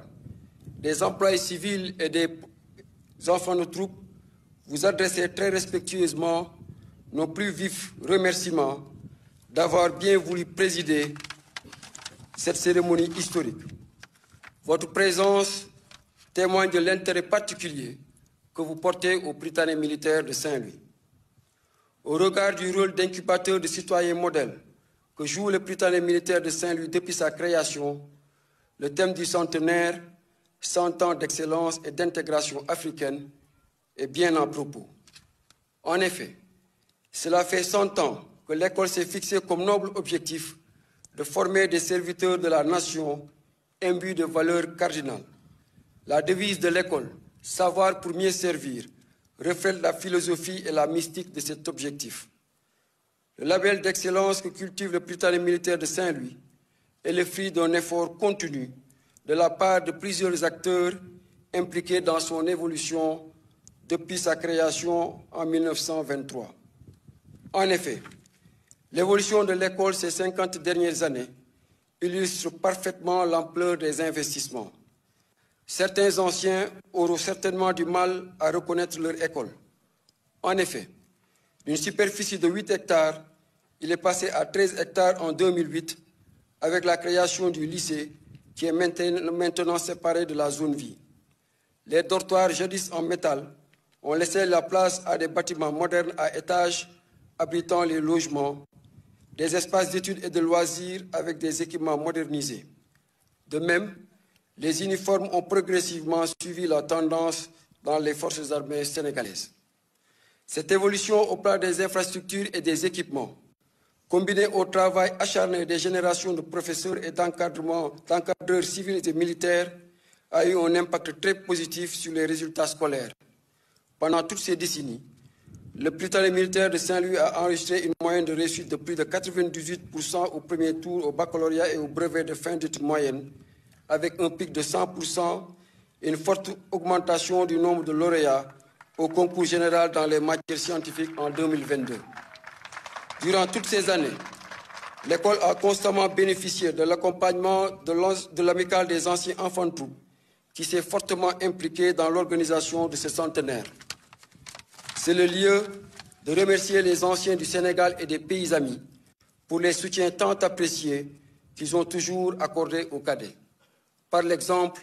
des employés civils et des enfants de troupes, vous adresser très respectueusement nos plus vifs remerciements d'avoir bien voulu présider cette cérémonie historique. Votre présence témoigne de l'intérêt particulier que vous portez au Britanniques militaire de Saint-Louis. Au regard du rôle d'incubateur de citoyens modèles que joue le Britannique militaire de Saint-Louis depuis sa création, le thème du centenaire, 100 ans d'excellence et d'intégration africaine, est bien en propos. En effet, cela fait 100 ans que l'école s'est fixée comme noble objectif de former des serviteurs de la nation imbus de valeurs cardinales. La devise de l'école, savoir pour mieux servir, reflète la philosophie et la mystique de cet objectif. Le label d'excellence que cultive le Britannique militaire de Saint-Louis est le fruit d'un effort continu de la part de plusieurs acteurs impliqués dans son évolution depuis sa création en 1923. En effet, L'évolution de l'école ces 50 dernières années illustre parfaitement l'ampleur des investissements. Certains anciens auront certainement du mal à reconnaître leur école. En effet, d'une superficie de 8 hectares, il est passé à 13 hectares en 2008 avec la création du lycée qui est maintenant séparé de la zone vie. Les dortoirs jadis en métal ont laissé la place à des bâtiments modernes à étages abritant les logements des espaces d'études et de loisirs avec des équipements modernisés. De même, les uniformes ont progressivement suivi la tendance dans les forces armées sénégalaises. Cette évolution au plan des infrastructures et des équipements, combinée au travail acharné des générations de professeurs et d'encadreurs civils et militaires, a eu un impact très positif sur les résultats scolaires. Pendant toutes ces décennies, le et militaire de Saint-Louis a enregistré une moyenne de réussite de plus de 98% au premier tour au baccalauréat et au brevet de fin d'études moyenne, avec un pic de 100% et une forte augmentation du nombre de lauréats au concours général dans les matières scientifiques en 2022. Durant toutes ces années, l'école a constamment bénéficié de l'accompagnement de l'amicale des anciens enfants de troupes, qui s'est fortement impliquée dans l'organisation de ce centenaire. C'est le lieu de remercier les anciens du Sénégal et des pays amis pour les soutiens tant appréciés qu'ils ont toujours accordés aux cadets. Par l'exemple,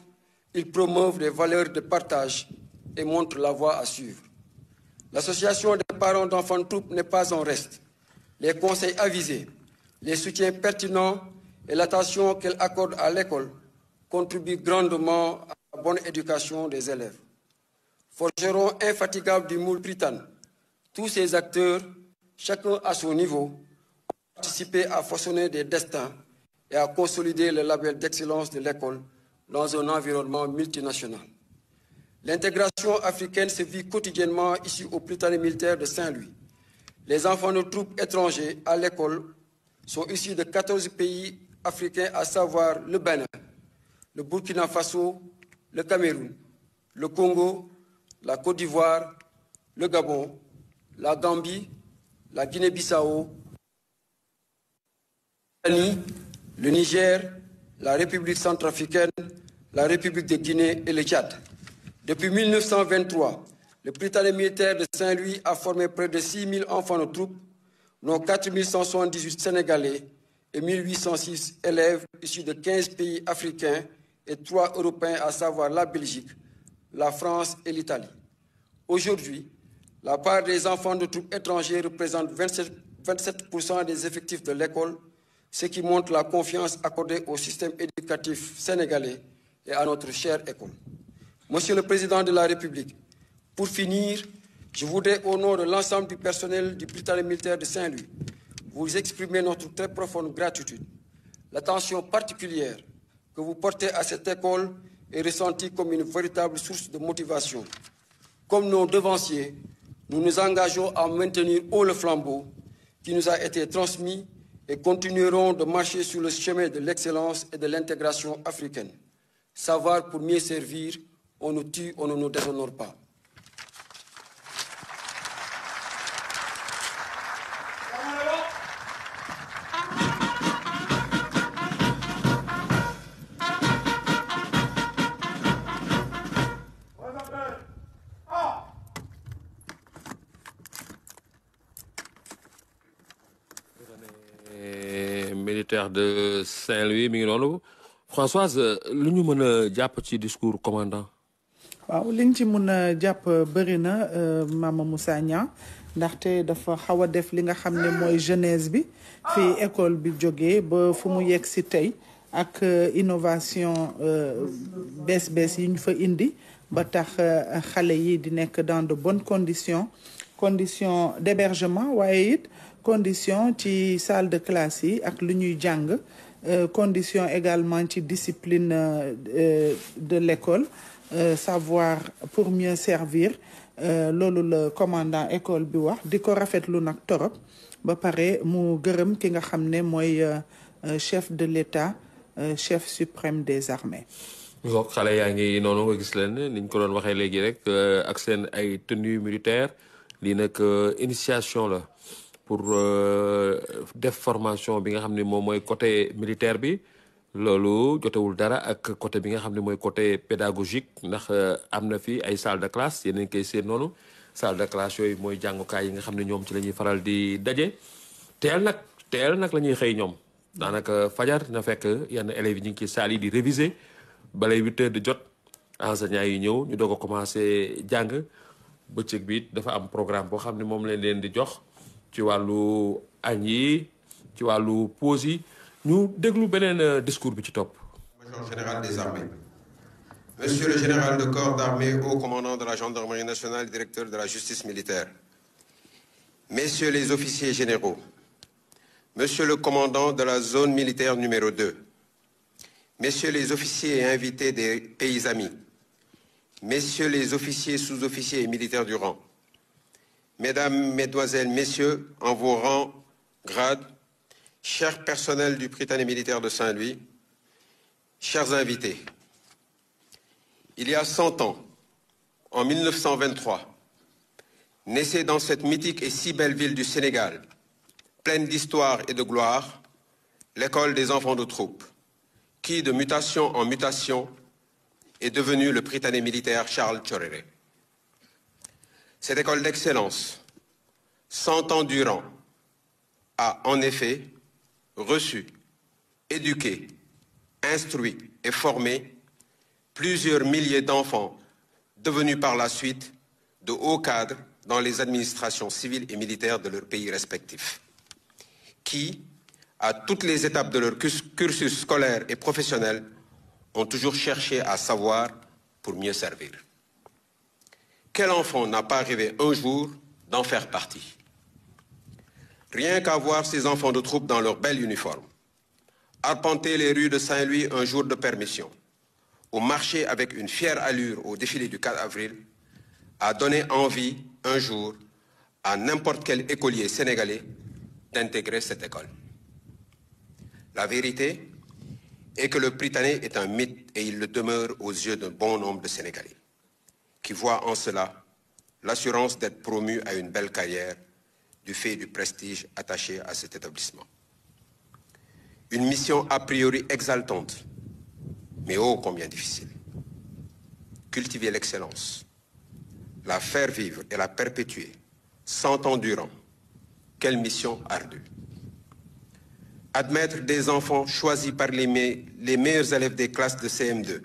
ils promeuvent les valeurs de partage et montrent la voie à suivre. L'association des parents d'enfants de troupes n'est pas en reste. Les conseils avisés, les soutiens pertinents et l'attention qu'elle accorde à l'école contribuent grandement à la bonne éducation des élèves forgeron infatigable du moule britannique. Tous ces acteurs, chacun à son niveau, ont participé à façonner des destins et à consolider le label d'excellence de l'école dans un environnement multinational. L'intégration africaine se vit quotidiennement ici au Britannique militaire de Saint-Louis. Les enfants de troupes étrangers à l'école sont issus de 14 pays africains, à savoir le Bénin, le Burkina Faso, le Cameroun, le Congo, la Côte d'Ivoire, le Gabon, la Gambie, la Guinée-Bissau, le Niger, la République centrafricaine, la République de Guinée et le Tchad. Depuis 1923, le Britannique militaire de Saint-Louis a formé près de 6 000 enfants de troupes, dont 4 178 Sénégalais et 1 806 élèves issus de 15 pays africains et 3 Européens, à savoir la Belgique, la France et l'Italie. Aujourd'hui, la part des enfants de troupes étrangers représente 27, des effectifs de l'école, ce qui montre la confiance accordée au système éducatif sénégalais et à notre chère école. Monsieur le Président de la République, pour finir, je voudrais, au nom de l'ensemble du personnel du Britannique militaire de Saint-Louis, vous exprimer notre très profonde gratitude, l'attention particulière que vous portez à cette école est ressentie comme une véritable source de motivation. Comme nos devanciers, nous nous engageons à maintenir haut le flambeau qui nous a été transmis et continuerons de marcher sur le chemin de l'excellence et de l'intégration africaine. Savoir pour mieux servir, on nous tue, on ne nous déshonore pas. militaire de Saint-Louis mi Françoise euh, lu ñu mën ci discours commandant. waaw liñ ci mëna japp jàpp bëri na euh, Mama Moussa Niang ndaxte dafa xawa a def li nga xamné moy jeunesse bi fi école bi joggé ba fu mu yegg ci tay ak euh, innovation bees bees yi ñu fa indi ba tax xalé yi di nekk dans de bonnes conditions conditions d'hébergement waye it condition ci salle de classe ak lu ñuy euh, condition également ci discipline euh, euh, de l'école savoir pour mieux servir lolu le commandant école bi wax di ko rafetlu nak torop ba paré mu gërëm ki nga xamné moy chef de l'État chef suprême des armées ngoog xale yaa ngi noonu nga gis len niñ ko don waxé légui rek ak sen ay tenue militaire li nak initiation la pour euh, def formation bi nga xam ne moom mooy côté militaire bi loolu jotewul dara ak côté bi nga xam ne mooy côté pédagogique ndax euh, am na fi ay salle de classe yeneen koy seen noonu salle de yooyu mooy jàngukaay yi nga xam ne ñoom ci lañuy faral di daje teel nag teel nag lañuy xëy ñoom daanaka fajar na fekk yenn élèves yi ñu ngi ci salle di réviser balay huit heures di jot enseignants yi ñëw ñu doog a commencé jàng bëccëg bi dafa am programme boo xam ne moom lañ leen di jox tu discours major général des armées monsieur le général de corps d'armée haut commandant de la gendarmerie nationale directeur de la justice militaire messieurs les officiers généraux monsieur le commandant de la zone militaire numéro 2 messieurs les officiers et invités des pays amis messieurs les officiers sous-officiers et militaires du rang Mesdames, Mesdemoiselles, Messieurs, en vos rangs, grades, chers personnels du Britannique militaire de Saint-Louis, chers invités, il y a 100 ans, en 1923, naissait dans cette mythique et si belle ville du Sénégal, pleine d'histoire et de gloire, l'école des enfants de troupes, qui, de mutation en mutation, est devenue le Britannique militaire Charles Choréré. Cette école d'excellence, 100 ans durant, a en effet reçu, éduqué, instruit et formé plusieurs milliers d'enfants devenus par la suite de hauts cadres dans les administrations civiles et militaires de leurs pays respectifs, qui, à toutes les étapes de leur cursus scolaire et professionnel, ont toujours cherché à savoir pour mieux servir. Quel enfant n'a pas rêvé un jour d'en faire partie Rien qu'à voir ces enfants de troupe dans leur bel uniforme, arpenter les rues de Saint-Louis un jour de permission, ou marcher avec une fière allure au défilé du 4 avril, a donné envie un jour à n'importe quel écolier sénégalais d'intégrer cette école. La vérité est que le Britannique est un mythe et il le demeure aux yeux d'un bon nombre de Sénégalais qui voit en cela l'assurance d'être promu à une belle carrière du fait du prestige attaché à cet établissement. Une mission a priori exaltante, mais ô combien difficile. Cultiver l'excellence, la faire vivre et la perpétuer, sans ans durant, quelle mission ardue. Admettre des enfants choisis par les, les meilleurs élèves des classes de CM2,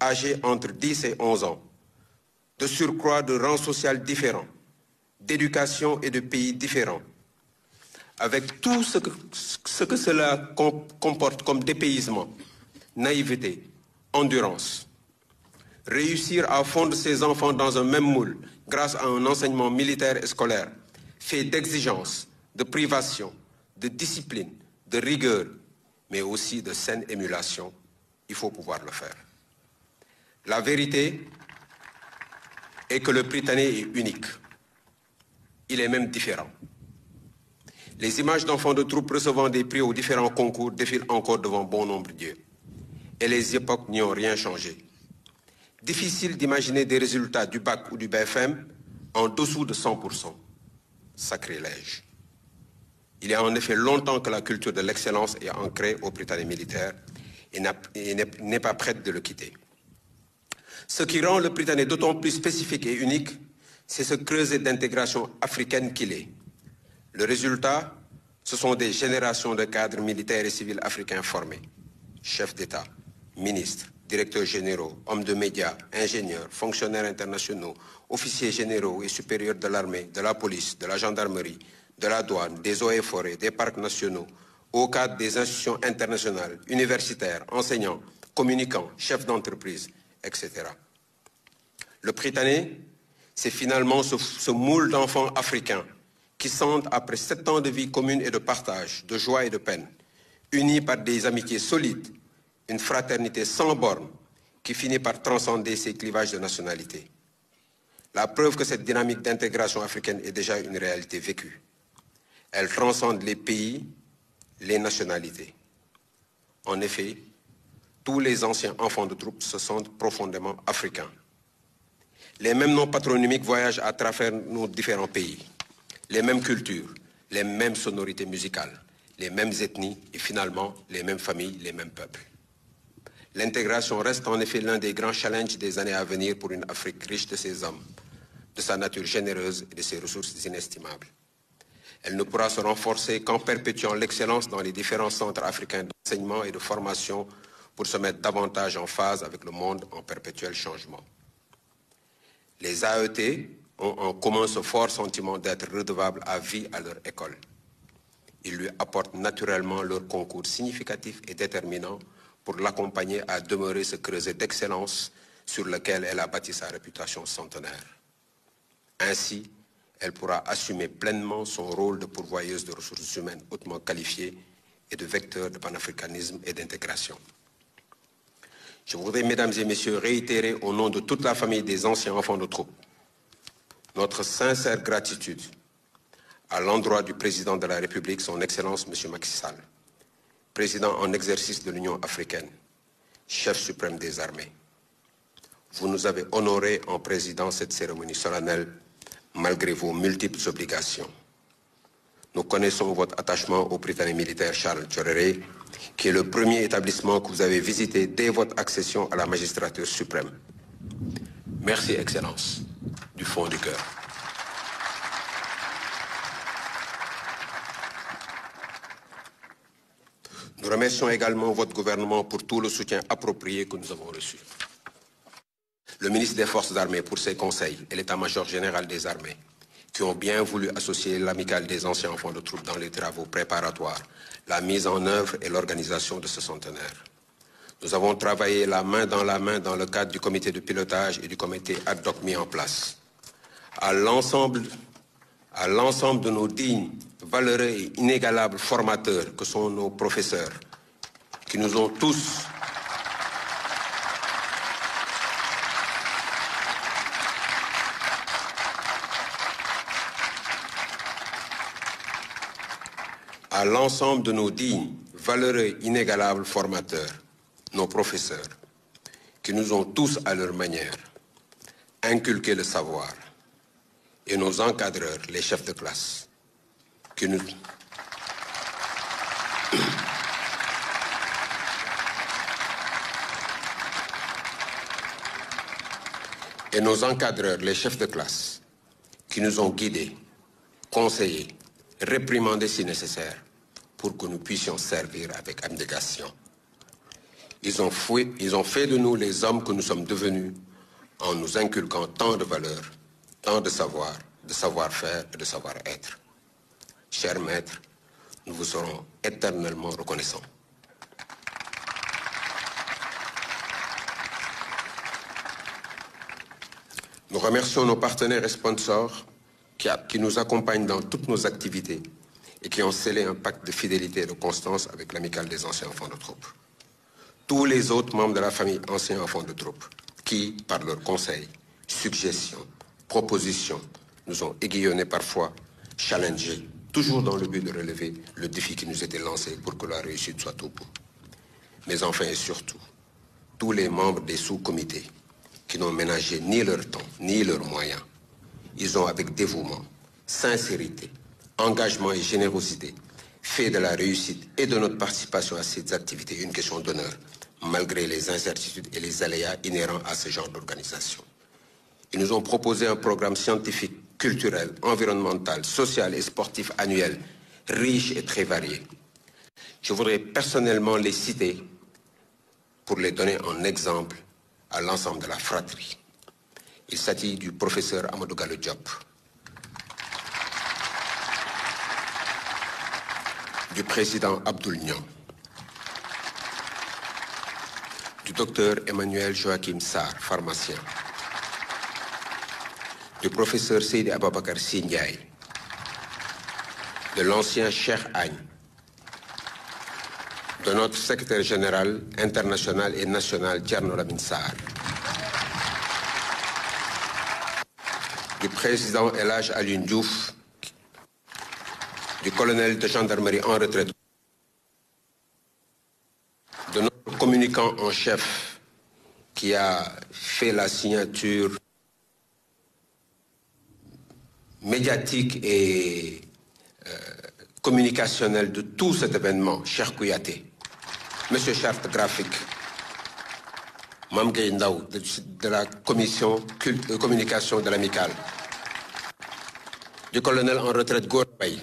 âgés entre 10 et 11 ans, de surcroît de rang social différent, d'éducation et de pays différents, avec tout ce que, cela comporte comme dépaysement, naïveté, endurance. Réussir à fondre ses enfants dans un même moule grâce à un enseignement militaire et scolaire, fait d'exigence, de privation, de discipline, de rigueur, mais aussi de saine émulation, il faut pouvoir le faire. La vérité, et que le Britannique est unique. Il est même différent. Les images d'enfants de troupes recevant des prix aux différents concours défilent encore devant bon nombre d'yeux. Et les époques n'y ont rien changé. Difficile d'imaginer des résultats du bac ou du BFM en dessous de 100%. Sacrilège. Il y a en effet longtemps que la culture de l'excellence est ancrée au Britannique militaire et n'est pas prête de le quitter. Ce qui rend le Britannique d'autant plus spécifique et unique, c'est ce creuset d'intégration africaine qu'il est. Le résultat, ce sont des générations de cadres militaires et civils africains formés. Chefs d'État, ministres, directeurs généraux, hommes de médias, ingénieurs, fonctionnaires internationaux, officiers généraux et supérieurs de l'armée, de la police, de la gendarmerie, de la douane, des eaux et forêts, des parcs nationaux, au cadre des institutions internationales, universitaires, enseignants, communicants, chefs d'entreprise, etc. Le Britannique, c'est finalement ce, moule d'enfants africains qui sentent, après sept ans de vie commune et de partage, de joie et de peine, unis par des amitiés solides, une fraternité sans bornes qui finit par transcender ces clivages de nationalité. La preuve que cette dynamique d'intégration africaine est déjà une réalité vécue. Elle transcende les pays, les nationalités. En effet, tous les anciens enfants de troupes se sentent profondément africains. Les mêmes noms patronymiques voyagent à travers nos différents pays, les mêmes cultures, les mêmes sonorités musicales, les mêmes ethnies et finalement les mêmes familles, les mêmes peuples. L'intégration reste en effet l'un des grands challenges des années à venir pour une Afrique riche de ses hommes, de sa nature généreuse et de ses ressources inestimables. Elle ne pourra se renforcer qu'en perpétuant l'excellence dans les différents centres africains d'enseignement et de formation pour se mettre davantage en phase avec le monde en perpétuel changement. Les AET ont en commun ce fort sentiment d'être redevables à vie à leur école. Ils lui apportent naturellement leur concours significatif et déterminant pour l'accompagner à demeurer ce creuset d'excellence sur lequel elle a bâti sa réputation centenaire. Ainsi, elle pourra assumer pleinement son rôle de pourvoyeuse de ressources humaines hautement qualifiées et de vecteur de panafricanisme et d'intégration. Je voudrais, mesdames et messieurs, réitérer au nom de toute la famille des anciens enfants de troupes, notre sincère gratitude à l'endroit du président de la République, son Excellence M. Macky Sall, président en exercice de l'Union africaine, chef suprême des armées. Vous nous avez honorés en présidant cette cérémonie solennelle malgré vos multiples obligations. Nous connaissons votre attachement au Britannique militaire Charles Tchoréré, qui est le premier établissement que vous avez visité dès votre accession à la magistrature suprême. Merci, Excellence, du fond du cœur. Nous remercions également votre gouvernement pour tout le soutien approprié que nous avons reçu. Le ministre des Forces armées pour ses conseils et l'état-major général des armées, qui ont bien voulu associer l'amicale des anciens enfants de troupe dans les travaux préparatoires, la mise en œuvre et l'organisation de ce centenaire. Nous avons travaillé la main dans la main dans le cadre du comité de pilotage et du comité ad hoc mis en place. À l'ensemble, à l'ensemble de nos dignes, valeureux et inégalables formateurs que sont nos professeurs, qui nous ont tous à l'ensemble de nos dignes, valeureux, inégalables formateurs, nos professeurs, qui nous ont tous à leur manière inculqué le savoir, et nos encadreurs, les chefs de classe, qui nous, et nos encadreurs, les chefs de classe, qui nous ont guidés, conseillés, réprimandés si nécessaire, pour que nous puissions servir avec abnégation. Ils ont, fait de nous les hommes que nous sommes devenus en nous inculquant tant de valeurs, tant de savoir, de savoir-faire et de savoir-être. Chers maîtres, nous vous serons éternellement reconnaissants. Nous remercions nos partenaires et sponsors qui nous accompagnent dans toutes nos activités et qui ont scellé un pacte de fidélité et de constance avec l'amicale des anciens enfants de troupe. Tous les autres membres de la famille anciens enfants de troupe qui, par leurs conseils, suggestions, propositions, nous ont aiguillonnés parfois, challengés, toujours dans le but de relever le défi qui nous était lancé pour que la réussite soit au bout. Mais enfin et surtout, tous les membres des sous-comités qui n'ont ménagé ni leur temps, ni leurs moyens, ils ont avec dévouement, sincérité, engagement et générosité fait de la réussite et de notre participation à ces activités une question d'honneur, malgré les incertitudes et les aléas inhérents à ce genre d'organisation. Ils nous ont proposé un programme scientifique, culturel, environnemental, social et sportif annuel, riche et très varié. Je voudrais personnellement les citer pour les donner en exemple à l'ensemble de la fratrie. Il s'agit du professeur Amadou Gallo Diop, du président Abdoul Nian, du docteur Emmanuel Joachim Sarr, pharmacien, du professeur Seydi Ababakar Sindiaï, de l'ancien Cheikh Agne, de notre secrétaire général international et national Tierno Rabin Sarr, du président Elage Alun du colonel de gendarmerie en retraite, de notre communicant en chef qui a fait la signature médiatique et euh, communicationnelle de tout cet événement, cher Kouyaté, Monsieur Charte Graphique, Trafic, de, la commission de euh, communication de l'amicale, du colonel en retraite Gourbay,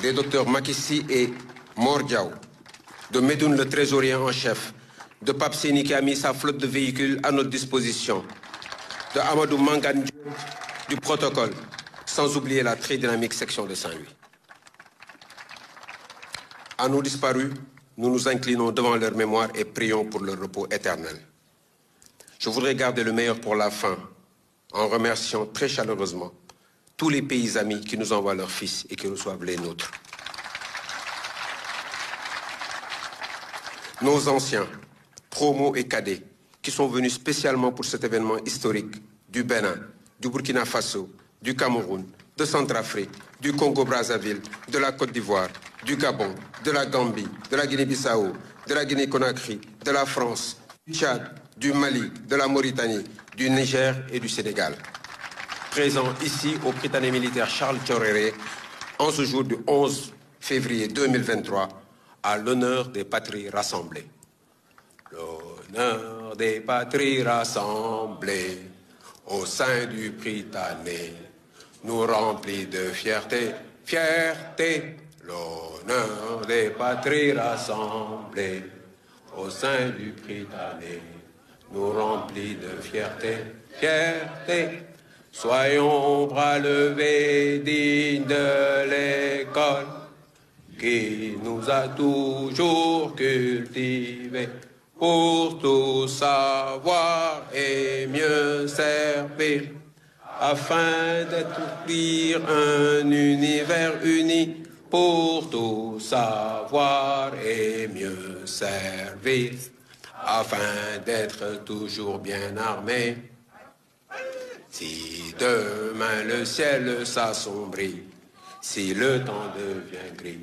des docteurs Makissi et Mordiao, de Medoun le trésorier en chef, de Pape qui a mis sa flotte de véhicules à notre disposition, de Amadou Manganjou du protocole, sans oublier la très dynamique section de Saint-Louis. À nos disparus, nous nous inclinons devant leur mémoire et prions pour leur repos éternel. Je voudrais garder le meilleur pour la fin en remerciant très chaleureusement tous les pays amis qui nous envoient leurs fils et qui reçoivent les nôtres. Nos anciens, promos et cadets, qui sont venus spécialement pour cet événement historique du Bénin, du Burkina Faso, du Cameroun, de Centrafrique, du Congo-Brazzaville, de la Côte d'Ivoire, du Gabon, de la Gambie, de la Guinée-Bissau, de la Guinée-Conakry, de la France, du Tchad, du Mali, de la Mauritanie, du Niger et du Sénégal présent ici au Britannique militaire Charles Choréré, en ce jour du 11 février 2023 à l'honneur des patries rassemblées. L'honneur des patries rassemblées au sein du Britannique, nous remplit de fierté, fierté, l'honneur des patries rassemblées au sein du Britannique, nous remplit de fierté, fierté. Soyons bras levés dignes de l'école qui nous a toujours cultivés pour tout savoir et mieux servir afin d'être un univers uni pour tout savoir et mieux servir afin d'être toujours bien armés si demain le ciel s'assombrit, si le temps devient gris,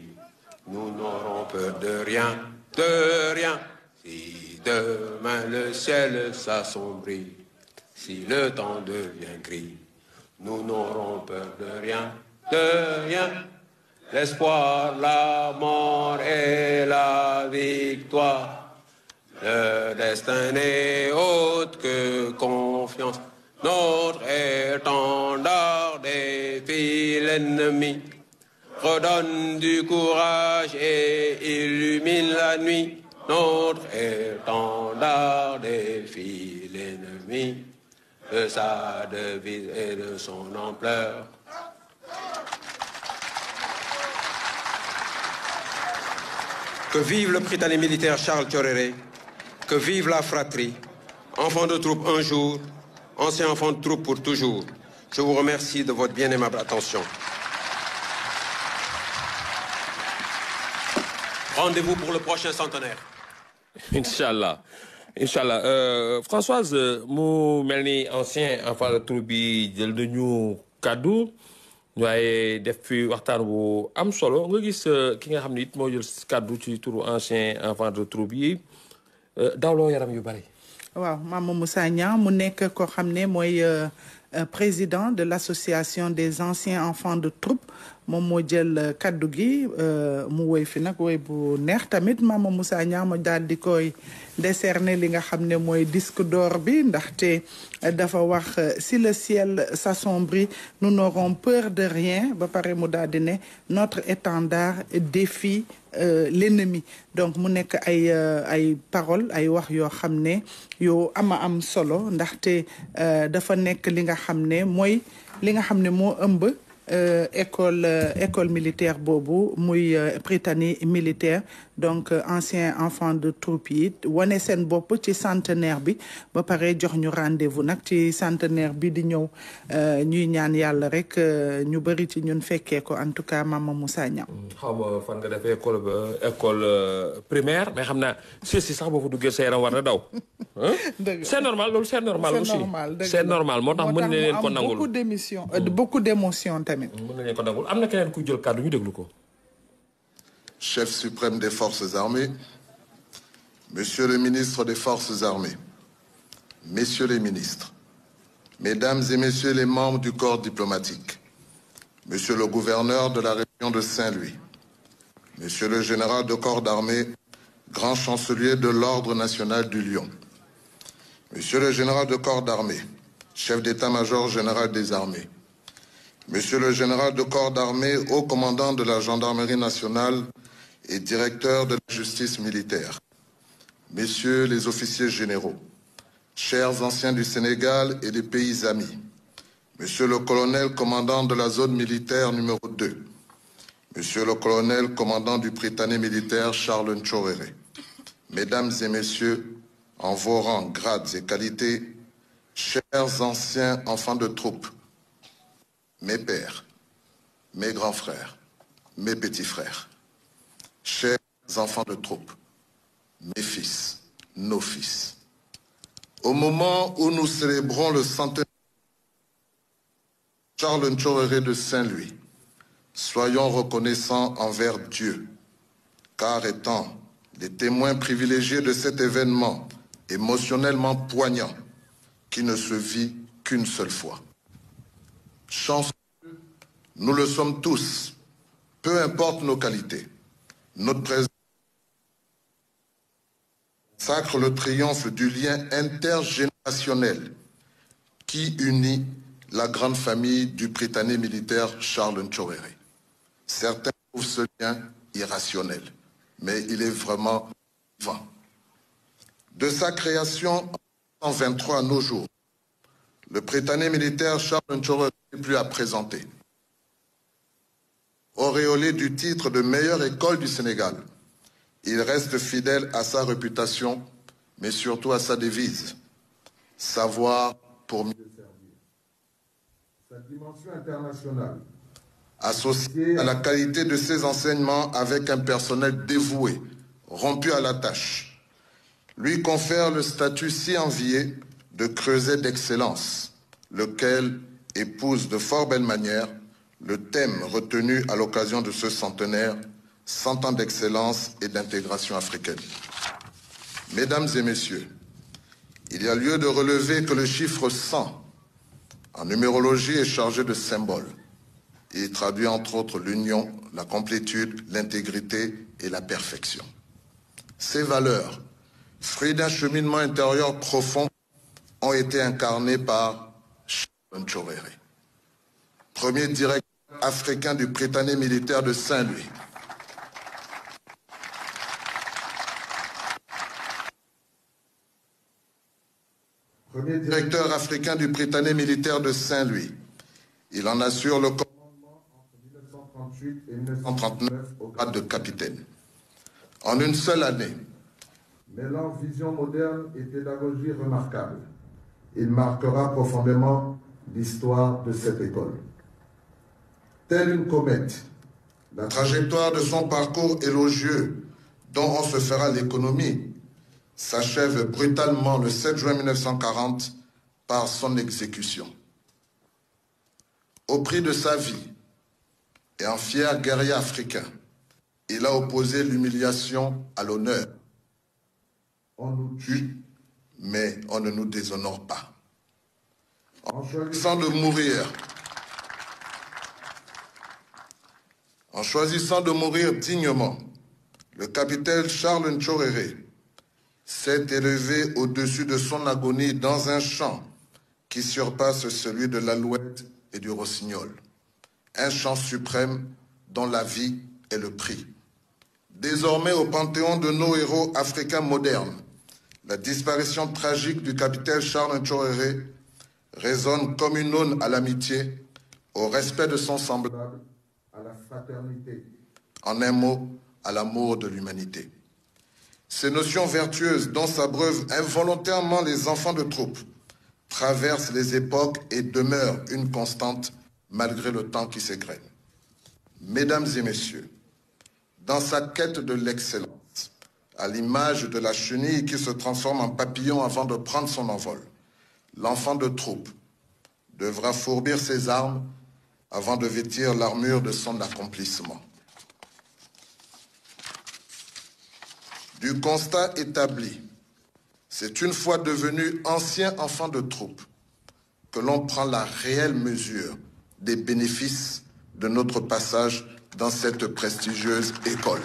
nous n'aurons peur de rien, de rien. Si demain le ciel s'assombrit, si le temps devient gris, nous n'aurons peur de rien, de rien. L'espoir, la mort et la victoire. Le destin est autre que confiance notre étendard défie l'ennemi, redonne du courage et illumine la nuit. Notre étendard défie l'ennemi, de sa devise et de son ampleur. Que vive le Britannique militaire Charles Thioréré, que vive la fratrie, enfant de troupe un jour, ancien enfant de troupe pour toujours. Je vous remercie de votre bien aimable attention. Rendez-vous pour le prochain centenaire. Inch'Allah. Inch'Allah. Euh, Françoise, euh, mu ancien enfant de troupe bi jël nañu cadeau. waaye def fi de bu am solo nga gis euh, ki nga ancien enfant de troupe yi yaram Wow, Maman Moussa Niang mu euh, euh, président de l'association des anciens enfants de troupe mon modèle jël euh, kaddu gi euh, mu woy fi nag woy bu neex tamit Mama Moussa Niang daal di koy li nga disque d'or euh, si le ciel s'assombrit nous n'aurons peur de rien ba notre étendard défie l'ennemi donc mu nek ay ay paroles ay wax yo xamné am solo ndaxte dafa nek li nga xamné moy li nga euh, école euh, école militaire Bobo, muy euh, britannique militaire donc ancien enfant de Tropite, woné sen bop ci centenaire bi ba paré jox ñu rendez-vous nak ci centenaire bi di ñew ñuy ñaan yalla rek ñu bëri ci ñun fekkee ko en tout cas Mama Moussa Niang. Mm, xaw fan nga défé école école primaire mais xamna ceci sax bofu duggé duggee war na daw. Hein? c'est normal loolu c'est normal aussi c'est normal motax tax mën na ko nangul beaucoup d'émotions, mm. beaucoup d'émotions chef suprême des forces armées monsieur le ministre des forces armées messieurs les ministres mesdames et messieurs les membres du corps diplomatique monsieur le gouverneur de la région de Saint-Louis monsieur le général de corps d'armée grand chancelier de l'ordre national du Lyon, monsieur le général de corps d'armée chef d'état-major général des armées Monsieur le général de corps d'armée, haut commandant de la gendarmerie nationale et directeur de la justice militaire, messieurs les officiers généraux, chers anciens du Sénégal et des pays amis, monsieur le colonel commandant de la zone militaire numéro 2, monsieur le colonel commandant du Britannique militaire Charles Nchorere, mesdames et messieurs, en vos rangs, grades et qualités, chers anciens enfants de troupes, mes pères, mes grands frères, mes petits frères, chers enfants de troupe, mes fils, nos fils. Au moment où nous célébrons le centenaire Charles Ntchorere de Saint-Louis, soyons reconnaissants envers Dieu, car étant les témoins privilégiés de cet événement émotionnellement poignant qui ne se vit qu'une seule fois. Chanceux, nous le sommes tous, peu importe nos qualités. Notre présence sacre le triomphe du lien intergénérationnel qui unit la grande famille du Britannique militaire Charles Nchowere. Certains trouvent ce lien irrationnel, mais il est vraiment vivant. De sa création en 1923 à nos jours, le prétané militaire Charles Nchoro n'est plus à présenter. Auréolé du titre de meilleure école du Sénégal, il reste fidèle à sa réputation, mais surtout à sa devise, savoir pour mieux servir. Sa dimension internationale, associée à la qualité de ses enseignements avec un personnel dévoué, rompu à la tâche, lui confère le statut si envié le creuset d'excellence, lequel épouse de fort belle manière le thème retenu à l'occasion de ce centenaire, 100 ans d'excellence et d'intégration africaine. Mesdames et messieurs, il y a lieu de relever que le chiffre 100 en numérologie est chargé de symboles et traduit entre autres l'union, la complétude, l'intégrité et la perfection. Ces valeurs, fruits d'un cheminement intérieur profond, ont été incarnés par Chabon premier directeur africain du Prétané militaire de Saint-Louis. Premier directeur africain du Britannique militaire de Saint-Louis. Il en assure le commandement entre 1938 et 1939 au grade de capitaine. En une seule année, mêlant vision moderne et pédagogie remarquable, il marquera profondément l'histoire de cette école. Telle une comète, la trajectoire de son parcours élogieux, dont on se fera l'économie, s'achève brutalement le 7 juin 1940 par son exécution. Au prix de sa vie et en fier guerrier africain, il a opposé l'humiliation à l'honneur. On nous mais on ne nous déshonore pas. En choisissant de mourir, en choisissant de mourir dignement, le capitaine Charles Nchorere s'est élevé au-dessus de son agonie dans un champ qui surpasse celui de l'alouette et du rossignol. Un champ suprême dont la vie est le prix. Désormais au panthéon de nos héros africains modernes, la disparition tragique du capitaine Charles Nchoréré résonne comme une aune à l'amitié, au respect de son semblable, à la fraternité, en un mot, à l'amour de l'humanité. Ces notions vertueuses dont s'abreuvent involontairement les enfants de troupe traversent les époques et demeurent une constante malgré le temps qui s'égrène. Mesdames et messieurs, dans sa quête de l'excellence, à l'image de la chenille qui se transforme en papillon avant de prendre son envol. L'enfant de troupe devra fourbir ses armes avant de vêtir l'armure de son accomplissement. Du constat établi, c'est une fois devenu ancien enfant de troupe que l'on prend la réelle mesure des bénéfices de notre passage dans cette prestigieuse école.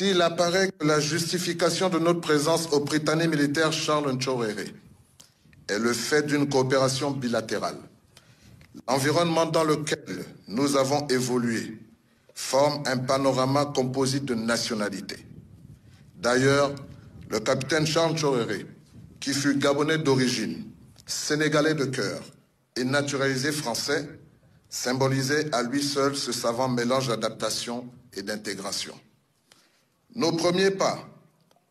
s'il apparaît que la justification de notre présence au Britannique militaire Charles Nchorere est le fait d'une coopération bilatérale, l'environnement dans lequel nous avons évolué forme un panorama composé de nationalités. D'ailleurs, le capitaine Charles Nchorere, qui fut gabonais d'origine, sénégalais de cœur et naturalisé français, symbolisait à lui seul ce savant mélange d'adaptation et d'intégration. Nos premiers pas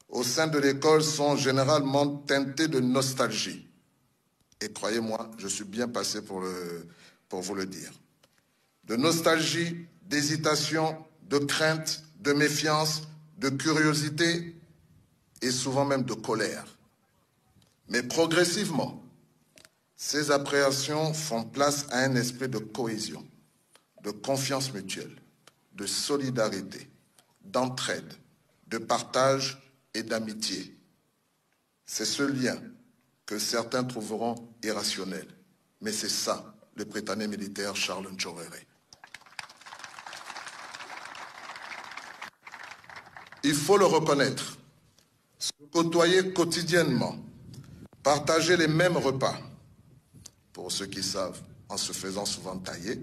au sein de l'école sont généralement teintés de nostalgie. Et croyez-moi, je suis bien passé pour, pour vous le dire. De nostalgie, d'hésitation, de crainte, de méfiance, de curiosité et souvent même de colère. Mais progressivement, ces appréhensions font place à un esprit de cohésion, de confiance mutuelle, de solidarité, d'entraide, de partage et d'amitié. C'est ce lien que certains trouveront irrationnel, mais c'est ça le prétané militaire Charles Nchorere. Il faut le reconnaître, se côtoyer quotidiennement, partager les mêmes repas, pour ceux qui savent, en se faisant souvent tailler,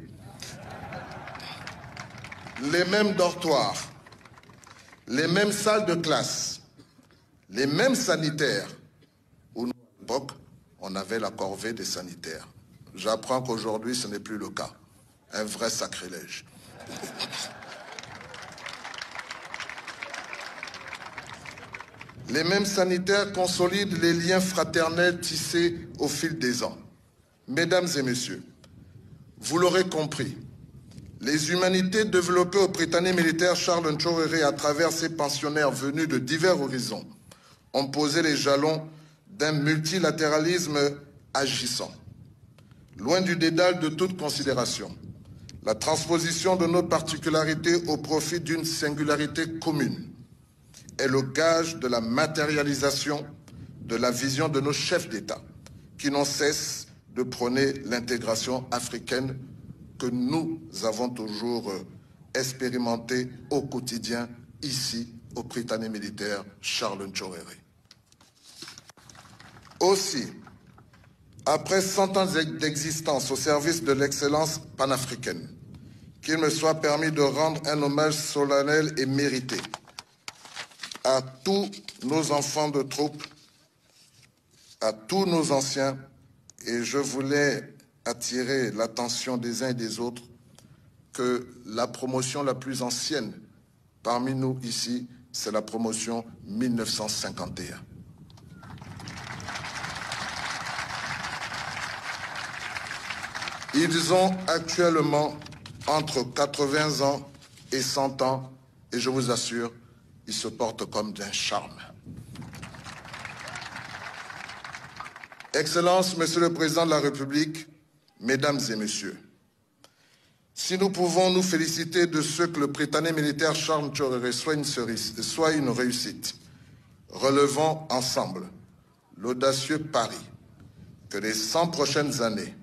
les mêmes dortoirs, les mêmes salles de classe, les mêmes sanitaires, où nous, à l'époque, on avait la corvée des sanitaires. J'apprends qu'aujourd'hui, ce n'est plus le cas. Un vrai sacrilège. Les mêmes sanitaires consolident les liens fraternels tissés au fil des ans. Mesdames et messieurs, vous l'aurez compris, les humanités développées au Britannique militaire Charles Ntchorere à travers ses pensionnaires venus de divers horizons ont posé les jalons d'un multilatéralisme agissant. Loin du dédale de toute considération, la transposition de nos particularités au profit d'une singularité commune est le gage de la matérialisation de la vision de nos chefs d'État qui n'ont cesse de prôner l'intégration africaine que nous avons toujours euh, expérimenté au quotidien ici au Britannique militaire Charles Nchorere. Aussi, après 100 ans d'existence au service de l'excellence panafricaine, qu'il me soit permis de rendre un hommage solennel et mérité à tous nos enfants de troupes, à tous nos anciens, et je voulais attirer l'attention des uns et des autres que la promotion la plus ancienne parmi nous ici, c'est la promotion 1951. Ils ont actuellement entre 80 ans et 100 ans, et je vous assure, ils se portent comme d'un charme. Excellences, Monsieur le Président de la République, Mesdames et messieurs, si nous pouvons nous féliciter de ce que le prétané militaire Charles Tchorere soit une réussite, relevons ensemble l'audacieux pari que les 100 prochaines années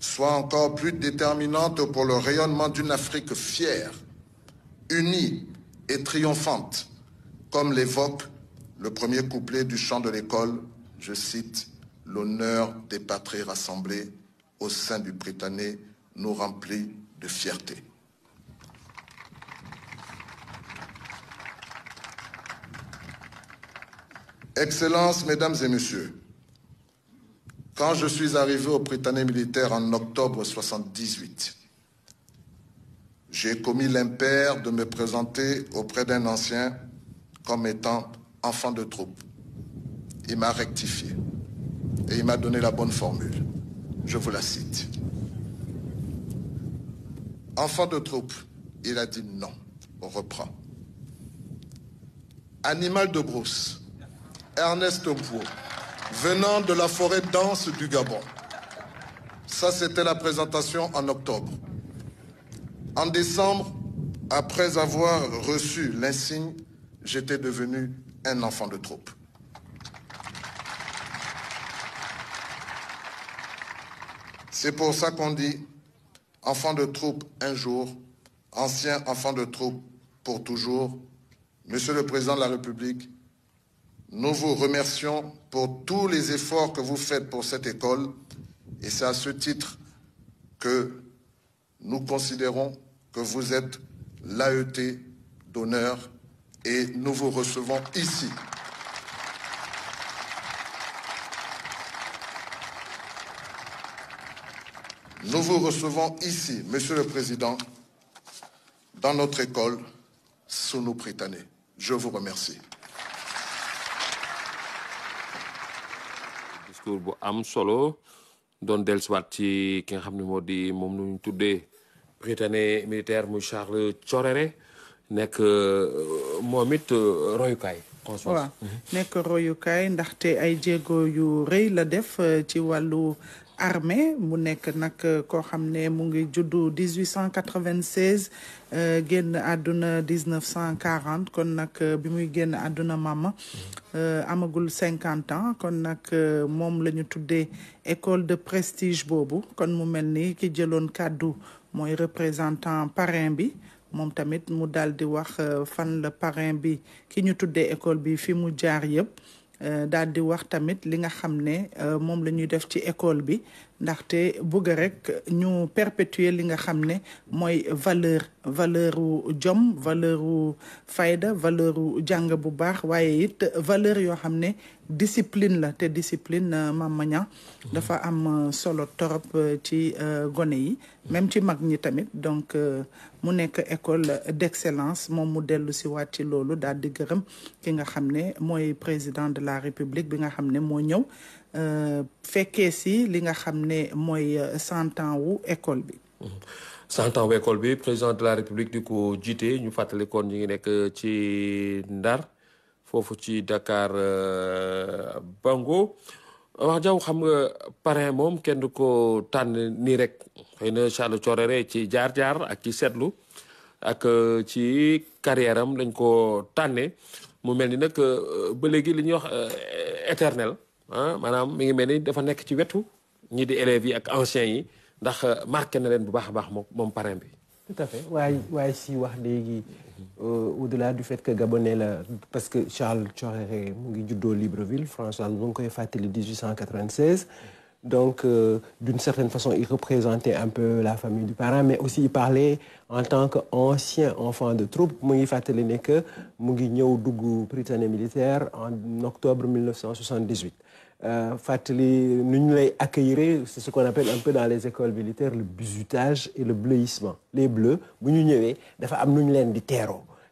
soient encore plus déterminantes pour le rayonnement d'une Afrique fière, unie et triomphante, comme l'évoque le premier couplet du chant de l'école, je cite, L'honneur des patries rassemblées au sein du prétané nous remplit de fierté. Excellences, Mesdames et Messieurs, quand je suis arrivé au prétané militaire en octobre 1978, j'ai commis l'impair de me présenter auprès d'un ancien comme étant enfant de troupe. Il m'a rectifié et il m'a donné la bonne formule. Je vous la cite. Enfant de troupe, il a dit non. On reprend. Animal de brousse, Ernest bois venant de la forêt dense du Gabon. Ça, c'était la présentation en octobre. En décembre, après avoir reçu l'insigne, j'étais devenu un enfant de troupe. C'est pour ça qu'on dit enfant de troupe un jour, ancien enfant de troupe pour toujours. Monsieur le Président de la République, nous vous remercions pour tous les efforts que vous faites pour cette école et c'est à ce titre que nous considérons que vous êtes l'AET d'honneur et nous vous recevons ici. Nous vous recevons ici, Monsieur le Président, dans notre école sous nos prétanés. Je vous remercie. discours bu am solo doon Del Swati, ki nga xam ne moo nu ñu tuddee militaire muy Charles Thioréré nekk euh, moom it euh, royukaay. waaw nekk royukaay ndaxte ay jéego yu rëy la def euh, ci walu armée mu nekk nag euh, koo xam ne mu ngi juddu 1896 euh, génn àdduna 1940 kon nag euh, bi muy génn àdduna mama amagul 50 ans kon nag moom la ñu tuddee école de prestige boobu kon mu mel ni ki jëloon kàddu mooy représentant parrain bi moom tamit mu dal di wax fan la parrain bi ki ñu tuddee école bi fi mu jaar yëpp daal di wax tamit li nga xam ne euh, moom la ñuy def ci école bi ndaxte bëgg rek ñu perpétuer li nga xam ne valeur valeur du jom valeur fayda valeur vie. jàng bu baax it valeur yoo xam discipline la te discipline euh, Mama maña dafa am euh, solo torop euh, ci gone même ci mag tamit donc mu école d'excellence Mon mu dellu si waat ci loolu daal di gërëm ki nga président de la république bi nga Euh, fekkee si li nga xam ne mooy euh, cent ans wu école bi. Mm-hmm. cent ans wu école bi président de la république di ko jiite ñu fàttali kon ñu ngi nekk euh, ci Ndar foofu ci Dakar Bango wax jaw xam nga parrain moom kenn du ko tànn nii rek xëy na Charles Thioréré ci jaar-jaar ak ci seetlu ak ci carrière am lañ ko tànnee mu mel ni nag ba léegi li ñuy wax éternel. ah maanaam mi ngi mel ni dafa nekk ci wetu ñi di élèves yi ak anciens yi ndax euh, marqué na leen bu baax a baax moom moom parrain bi. tout à fait waaye waaye si wax léegi euh, au-delà du fait que gabonais la parce que Charles Tchoréré mu ngi juddoo Libreville François mu ngi koy fàttali 1896. Donc, euh, d'une certaine façon, il représentait un peu la famille du parent, mais aussi il parlait en tant qu'ancien enfant de troupe. mu ngi a que suis venu militaire en octobre 1978. Euh, nu nous c'est ce qu'on appelle un peu dans les écoles militaires le bizutage et le bleuissement les bleus nous ñu dafa am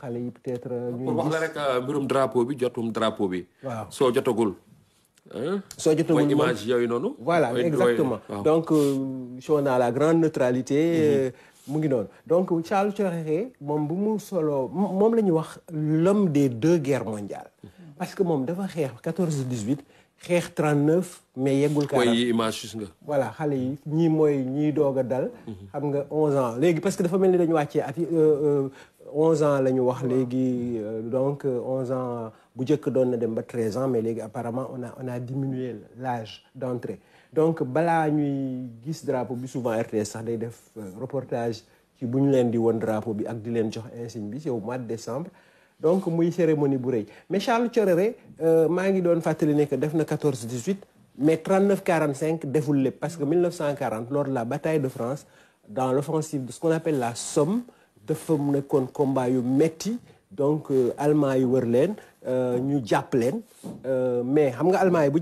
xale yi peut être. Euh, pour wax la rek euh, mbirum drapeau bi jotum drapeau bi. so jotagul hein so jotagul image yoy nonu voilà exactement donc euh, si on a la grande neutralité. Mhm. mu ngi non donc Charles Choréré mom bu mu solo mom la wax l'homme des deux guerres mondiales. Mhm. parce que mom dafa xex 14 18 xeex 39 mais yegul ka yi image gis nga. voilà xale yi ñi moy ñi doga dal. Mhm. xam nga 11 ans légui parce que dafa melni ni dañu wàccee at 11 ans la ñu euh, donc 11 euh, ans bu que doon na 13 ans mais apparemment on a on a diminué l'âge d'entrée donc bala ñuy gis drapeau bi souvent RTS sax day def euh, reportage ci bu leen di won drapeau bi ak di leen jox insigne bi au mois de décembre donc muy cérémonie bu mais Charles Thioréré maa ngi doon fatali que def na 14 18 mais 39 45 défoulé parce que 1940 lors de la bataille de France dans l'offensive de ce qu'on appelle la Somme femme mu nekkoon combat yu metti donc euh, allemand yi wër leen euh, ñu jàpp leen euh, mais xam nga allemand yi bu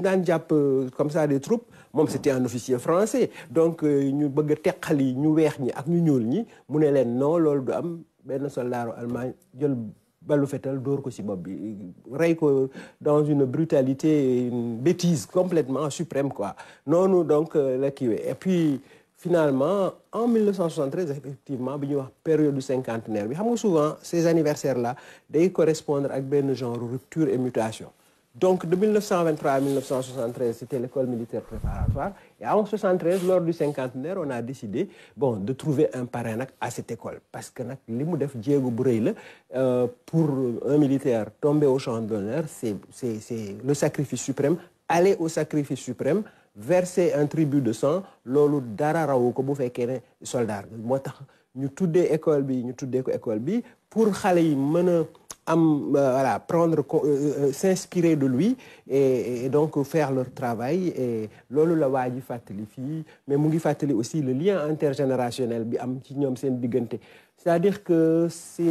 comme ça des troupes moi c'était un officier français donc ñu bëgg a teqal yi ñu weex ñi ak ñu ñuul ñi mu ne leen non loolu du am benn soldaaru allemand jël balu fetal d'or ko ci bopp bi rey ko dans une brutalité une bêtise complètement suprême quoi noonu donc la qui et puis finalement en 1973 effectivement y a une période du cinquantenaire bi xam souvent ces anniversaires là d'ailleurs correspondre à des genre rupture et mutations. donc de 1923 à 1973 c'était l'école militaire préparatoire et en 1973, lors du cinquantenaire on a décidé bon de trouver un parrain à cette école parce que les euh, pour un militaire tombé au champ d'honneur c'est le sacrifice suprême aller au sacrifice suprême verser un tribut de sang lolo dara rawu ko bu fekkee ne soldat Nous, tous ñu tuddé école bi ñu pour xalé yi euh, voilà prendre euh, euh, s'inspirer de lui et donc faire leur travail et lolo la waji ji fi mais mu ngi aussi le lien intergénérationnel bi am ci ñom seen c'est-à-dire que c'est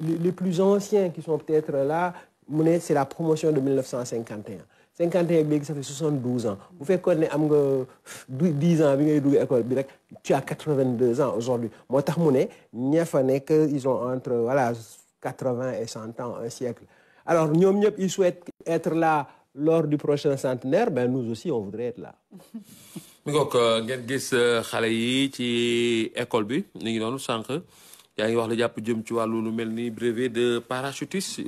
les plus anciens qui sont peut-être là c'est la promotion de 1951 51 ans, ça fait 72 ans Vous faites connaître, am 10 ans bi ngay école tu as 82 ans aujourd'hui Moi, je suis ne fa ils ont entre voilà 80 et 100 ans un siècle alors si ils souhaitent être là lors du prochain centenaire ben nous aussi on voudrait être là. Je suis euh, ngeen gis euh, xale yi ci école bi ñu ngi noonu sànq yaa ngi wax jëm ci lu brevet de parachutiste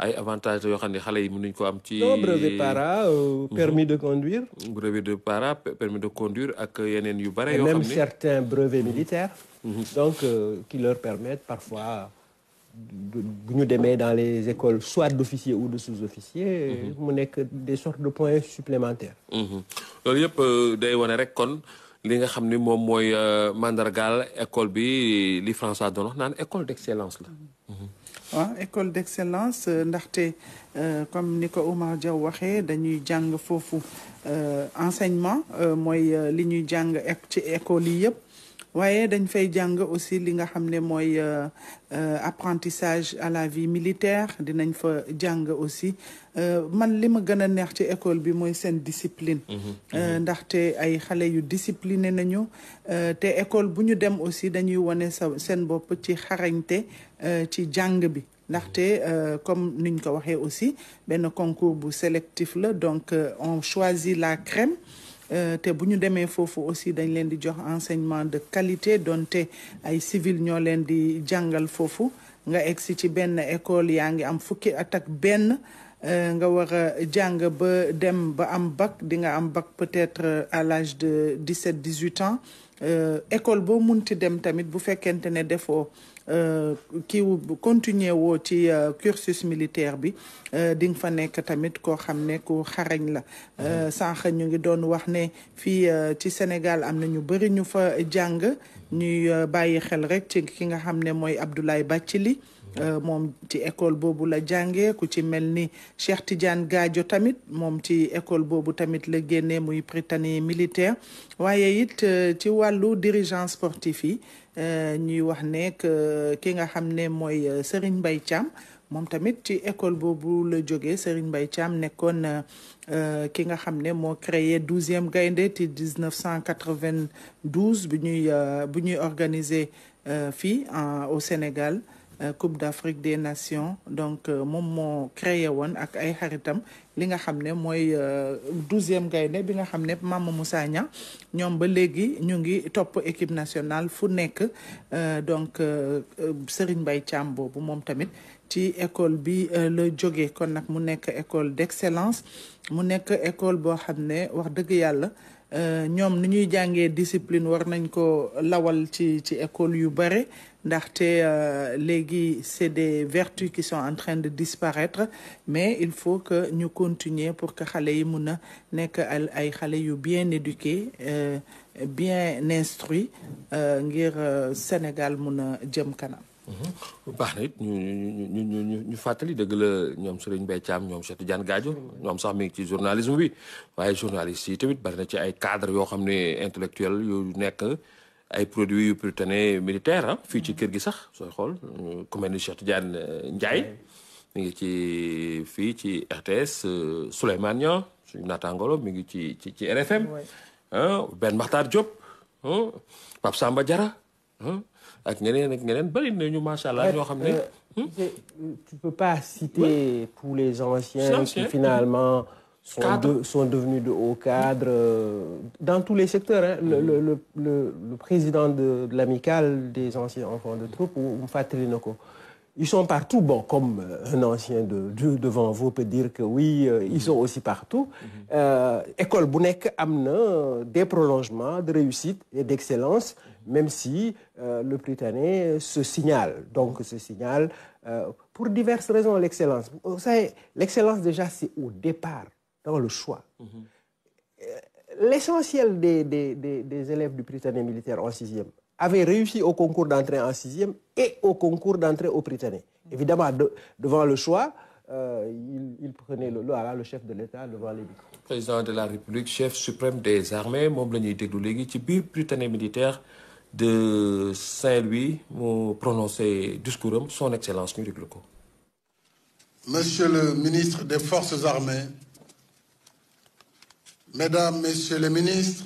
ay avantages yo xamni xalé yi mënuñ ko am ci. brevet para euh, mhm. permis de conduire. brevet de para permis de conduire ak yenen yu bare. yo xamni même certains brevets mhm. militaires. Mhm. donc euh, qui leur permettent parfois de ñu démé dans les écoles soit d'officiers ou de sous-officiers. mu nek des sortes de points supplémentaires. loolu yëpp euh, day wane rek kon. li nga xamni mom moy mandargal école bi li François don wax école d'excellence la. Hein, école d'excellence euh, ndaxte euh, comme ni Omar Diaw dañuy euh, enseignement moy li ñuy e-, école yépp waaye dañ fay jang aussi li nga xamné moy euh, euh, apprentissage à la vie militaire dinañ fa jang aussi euh, man li ma neex ci école bi moy sen discipline mhm, mhm. té ay xalé yu discipliné nañu té école buñu dem aussi dañuy woné sen bop bopp ci xarañte ci jang bi ndaxte mhm. comme niñ ko waxé aussi ben concours bu sélectif la donc on choisit la crème euh, té buñu démé fofu aussi dañ leen di jox enseignement de qualité donté ay civil ñoo leen di jàngal fofu nga egsi ci ben école yaangi am fukki at ben nga wara a jàng ba dem ba am bac di nga am bac peut-être à l'âge de 17 18 ans euh, école bo munti dem tamit bu fekkente ne defoo Euh, kii continuer woo ci euh, cursus militaire bi euh, di nga fa nekk tamit koo xam ne ku xarañ la sànq ñu ngi doon wax ne fii ci Sénégal am na ñu bëri ñu fa jàng ñuy bàyyi xel rek ci ki nga xam ne mooy Abdoulaye li Euh, mom ci école bobu la jangé ku ci melni Cheikh Tidiane Gadio tamit mom ci école bobu tamit militaire waaye it euh, ci walu dirigeant sportif yi euh, ñuy wax ne ki nga xamné moy Serigne cham mom tamit ci école bobu le joggé Serigne Mbaye Thiam ki nga xamné ne créé douzième gaynde ci dix neuf ñuy bu ñuy organiser au Sénégal. Euh, Coupe d'Afrique des Nations donc euh, mon moo créé woon ak ay xaritam li nga xamné moy 12 euh, douzième gaynde bi nga xamné ne Mama Moussa Niang ñom ba légui ñu ngi équipe nationale fu nekk donc Serigne Baye Chambo bu mom tamit ci école bi le jogé kon nak mu école d'excellence mu école bo xamné wax euh, ñom ni ñuy jàngé discipline war nañ ko lawal ci ci école yu bare ndaxte euh, légui c'est des vertus qui sont en train de disparaître mais il faut que ñu continuer pour que xalé yi mun nek nekk ay xalé yu bien éduqués euh, bien instruits ngir Sénégal mun jëm kanam baax na it ñu ñu ñu ñu ñu fàttali dëgg la ñoom Serigne Mbaye Thiam ñoom Cheikh Tidiane Gadio ñoom sax mi ngi ci journalisme bi waaye journaliste yi tamit bari na ci ay cadre yoo xam ne intellectuel yu nekk ay produits yu prytanée militaire ah fii ci kër gi sax sooy xool ku mel ni Cheikh Tidiane euh, Ndiaye mi ngi ci fii ci RTS euh, Souleymane Niang suñu naataangolo mi ngi ci ci ci RFM. Ah, ben Makhtar Diop ah, Pape Samba Diarra. Ah, Tu ne. tu peux pas citer tous les anciens qui hmm. finalement sont, sont devenus de hauts cadres euh, dans tous les secteurs. Hein. Le, président de, l'amicale des anciens enfants de troupe, ou Noko, ils sont partout. Bon, comme euh, un ancien de, devant vous peut dire que oui, euh, ils sont aussi partout. Mm-hmm. École Bounèque amène des prolongements de réussite et d'excellence même si euh, le Britannique se signale. Donc, se signale euh, pour diverses raisons, l'excellence. Vous savez, l'excellence, déjà, c'est au départ, dans le choix. Euh, l'essentiel des, élèves du Britannique militaire en sixième avaient réussi au concours d'entrée en sixième et au concours d'entrée au Britannique. Évidemment, devant le choix, il, prenait le, le, chef de l'État devant les Président de la République, chef suprême des armées, militaire de Saint-Louis vous prononcer discours son excellence Muric Monsieur le ministre des Forces armées, Mesdames, Messieurs les ministres,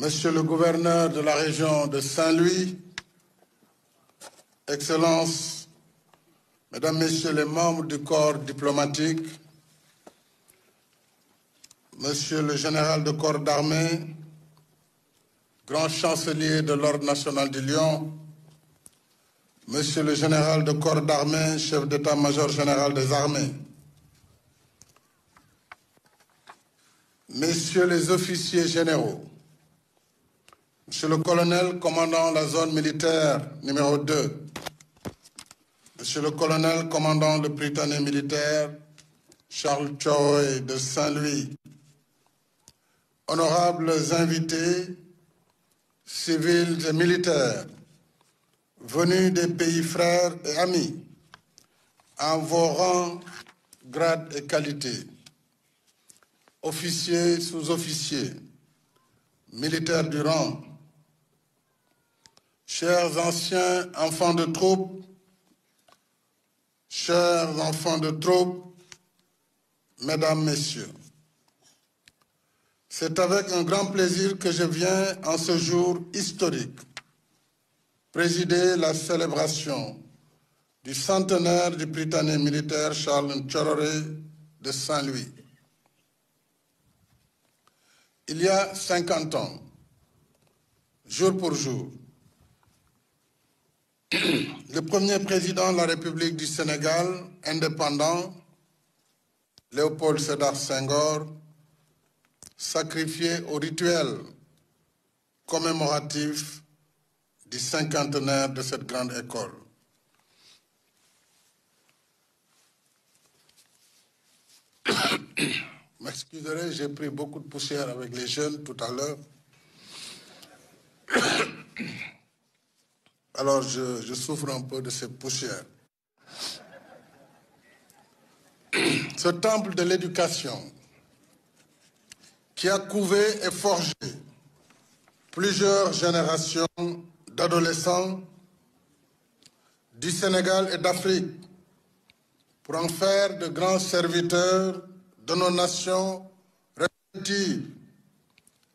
Monsieur le gouverneur de la région de Saint-Louis, excellence, Mesdames, Messieurs les membres du corps diplomatique, Monsieur le général de corps d'armée, grand chancelier de l'Ordre national du Lyon, Monsieur le général de corps d'armée, chef d'état-major général des armées, Messieurs les officiers généraux, Monsieur le colonel commandant la zone militaire numéro 2, Monsieur le colonel commandant le Britannique militaire Charles Choi de Saint-Louis, honorables invités, civils et militaires, venus des pays frères et amis, en vos rangs, grades et qualités, officiers, sous-officiers, militaires du rang, chers anciens enfants de troupes, chers enfants de troupes, mesdames, messieurs. C'est avec un grand plaisir que je viens en ce jour historique présider la célébration du centenaire du Britannique militaire Charles Tchororé de Saint-Louis. Il y a 50 ans, jour pour jour, le premier président de la République du Sénégal indépendant, Léopold Sédar Senghor, Sacrifié au rituel commémoratif du cinquantenaire de cette grande école. M'excuserai, j'ai pris beaucoup de poussière avec les jeunes tout à l'heure. Alors je, je, souffre un peu de cette poussière. Ce temple de l'éducation qui a couvé et forgé plusieurs générations d'adolescents du Sénégal et d'Afrique pour en faire de grands serviteurs de nos nations respectives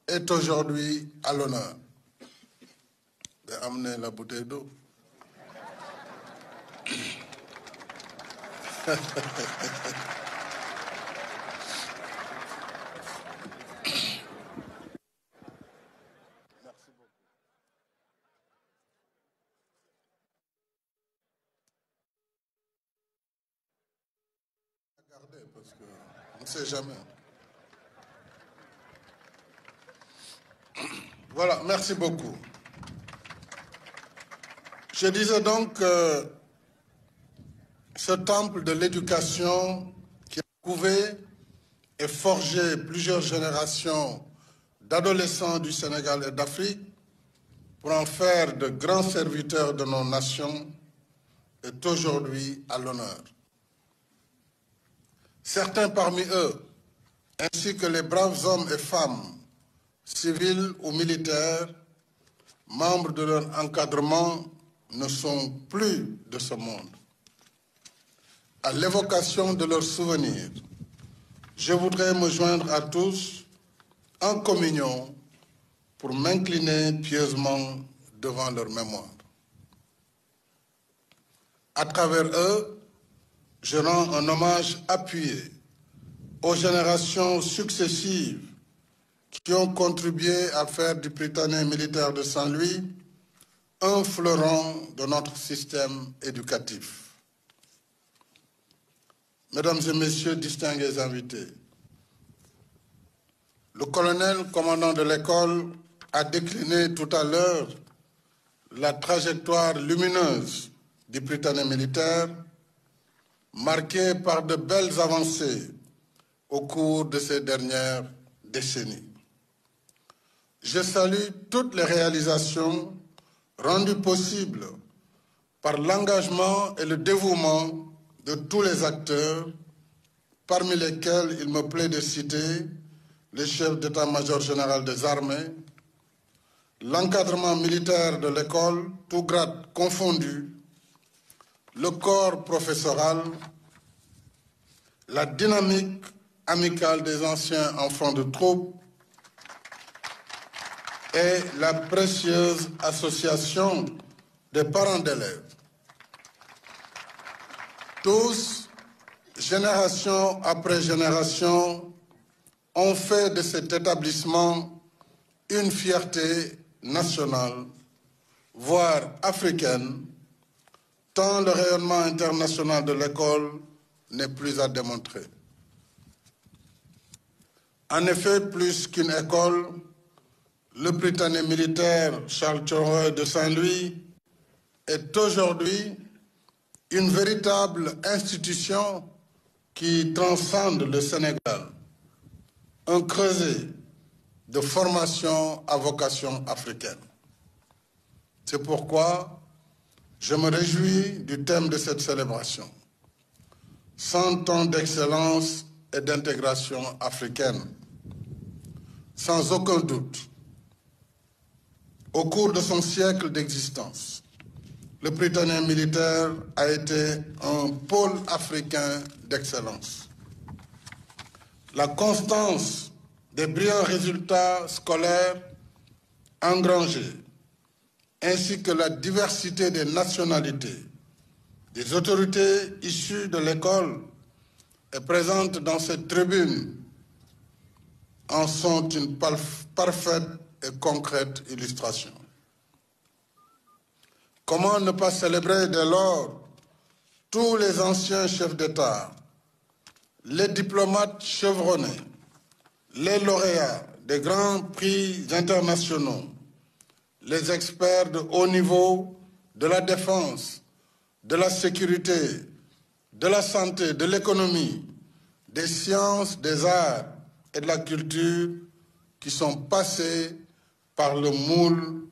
est aujourd'hui à l'honneur. d'amener la bouteille d'eau. ne sait jamais. Voilà, merci beaucoup. Je disais donc que ce temple de l'éducation qui a couvé et forgé plusieurs générations d'adolescents du Sénégal et d'Afrique pour en faire de grands serviteurs de nos nations est aujourd'hui à l'honneur. Certains parmi eux, ainsi que les braves hommes et femmes, civils ou militaires, membres de leur encadrement, ne sont plus de ce monde. À l'évocation de leurs souvenirs, je voudrais me joindre à tous en communion pour m'incliner pieusement devant leur mémoire. À travers eux, je rends un hommage appuyé aux générations successives qui ont contribué à faire du Britannique militaire de Saint-Louis un fleuron de notre système éducatif. Mesdames et Messieurs, distingués invités, le colonel commandant de l'école a décliné tout à l'heure la trajectoire lumineuse du Britannique militaire marquée par de belles avancées au cours de ces dernières décennies. Je salue toutes les réalisations rendues possibles par l'engagement et le dévouement de tous les acteurs, parmi lesquels il me plaît de citer le chef d'état-major général des armées, l'encadrement militaire de l'école, tout grade confondu, le corps professoral, la dynamique amicale des anciens enfants de troupe et la précieuse association des parents d'élèves. Tous, génération après génération, ont fait de cet établissement une fierté nationale, voire africaine, tant le rayonnement international de l'école n'est plus à démontrer. En effet, plus qu'une école, le Britannique militaire Charles Thoreau de Saint-Louis est aujourd'hui une véritable institution qui transcende le Sénégal, un creuset de formation à vocation africaine. C'est pourquoi je me réjouis du thème de cette célébration. 100 ans d'excellence et d'intégration africaine. Sans aucun doute, au cours de son siècle d'existence, le Britannien militaire a été un pôle africain d'excellence. La constance des brillants résultats scolaires engrangés ainsi que la diversité des nationalités des autorités issues de l'école et présentes dans cette tribune en sont une parfaite et concrète illustration. Comment ne pas célébrer dès lors tous les anciens chefs d'État, les diplomates chevronnés, les lauréats des grands prix internationaux, les experts de haut niveau de la défense, de la sécurité, de la santé, de l'économie, des sciences, des arts et de la culture qui sont passés par le moule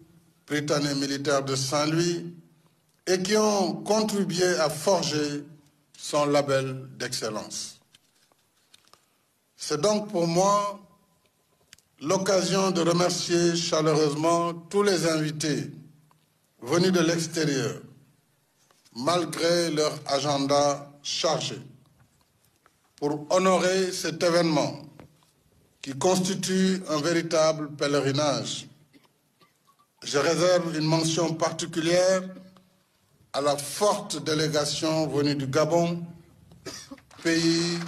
britannique militaire de Saint-Louis et qui ont contribué à forger son label d'excellence. C'est donc pour moi l'occasion de remercier chaleureusement tous les invités venus de l'extérieur, malgré leur agenda chargé, pour honorer cet événement qui constitue un véritable pèlerinage. Je réserve une mention particulière à la forte délégation venue du Gabon, pays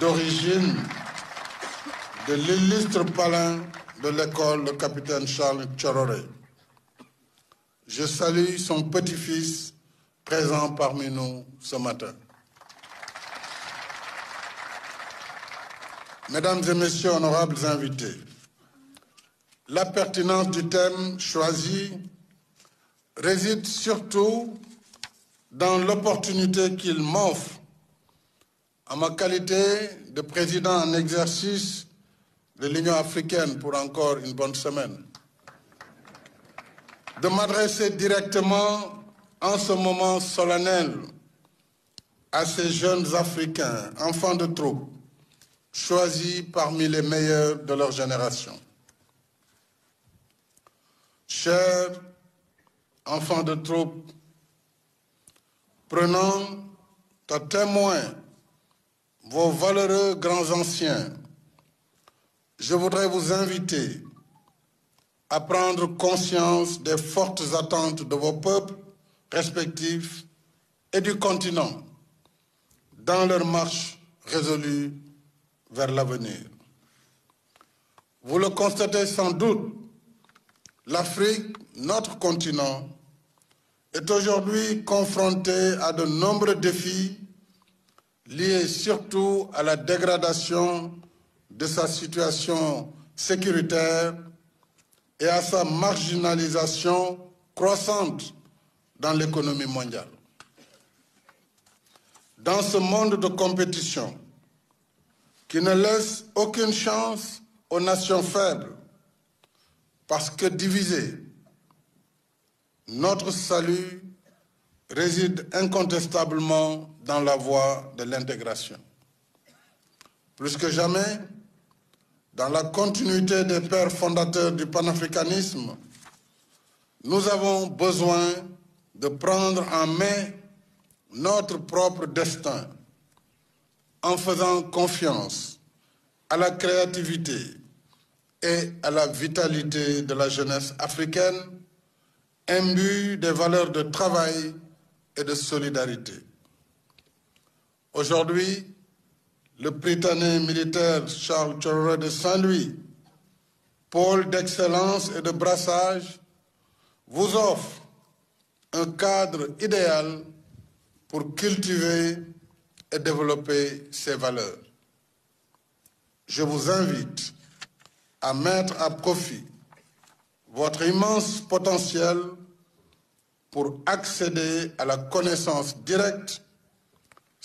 d'origine de l'illustre palin de l'école, le capitaine Charles Tchororé. Je salue son petit-fils présent parmi nous ce matin. Mesdames et messieurs, honorables invités, la pertinence du thème choisi réside surtout dans l'opportunité qu'il m'offre à ma qualité de président en exercice de l'Union africaine pour encore une bonne semaine, de m'adresser directement en ce moment solennel à ces jeunes Africains, enfants de troupe, choisis parmi les meilleurs de leur génération. Chers enfants de troupe, prenons à témoin vos valeureux grands anciens je voudrais vous inviter à prendre conscience des fortes attentes de vos peuples respectifs et du continent dans leur marche résolue vers l'avenir. Vous le constatez sans doute, l'Afrique, notre continent, est aujourd'hui confrontée à de nombreux défis liés surtout à la dégradation de sa situation sécuritaire et à sa marginalisation croissante dans l'économie mondiale. Dans ce monde de compétition qui ne laisse aucune chance aux nations faibles, parce que divisées, notre salut réside incontestablement dans la voie de l'intégration. Plus que jamais, dans la continuité des pères fondateurs du panafricanisme, nous avons besoin de prendre en main notre propre destin en faisant confiance à la créativité et à la vitalité de la jeunesse africaine, imbue des valeurs de travail et de solidarité. Aujourd'hui, le Britannique militaire Charles de Saint-Louis, pôle d'excellence et de brassage, vous offre un cadre idéal pour cultiver et développer ses valeurs. Je vous invite à mettre à profit votre immense potentiel pour accéder à la connaissance directe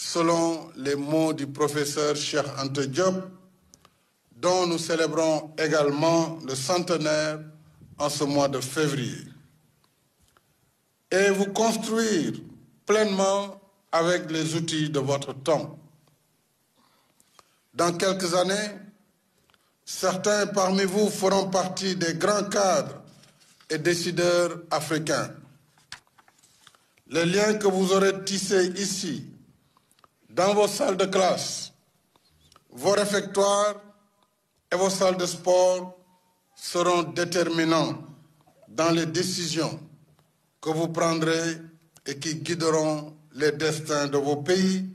selon les mots du professeur Cheikh Ante Diop, dont nous célébrons également le centenaire en ce mois de février. Et vous construire pleinement avec les outils de votre temps. Dans quelques années, certains parmi vous feront partie des grands cadres et décideurs africains. Les liens que vous aurez tissés ici dans vos salles de classe, vos réfectoires et vos salles de sport seront déterminants dans les décisions que vous prendrez et qui guideront les destins de vos pays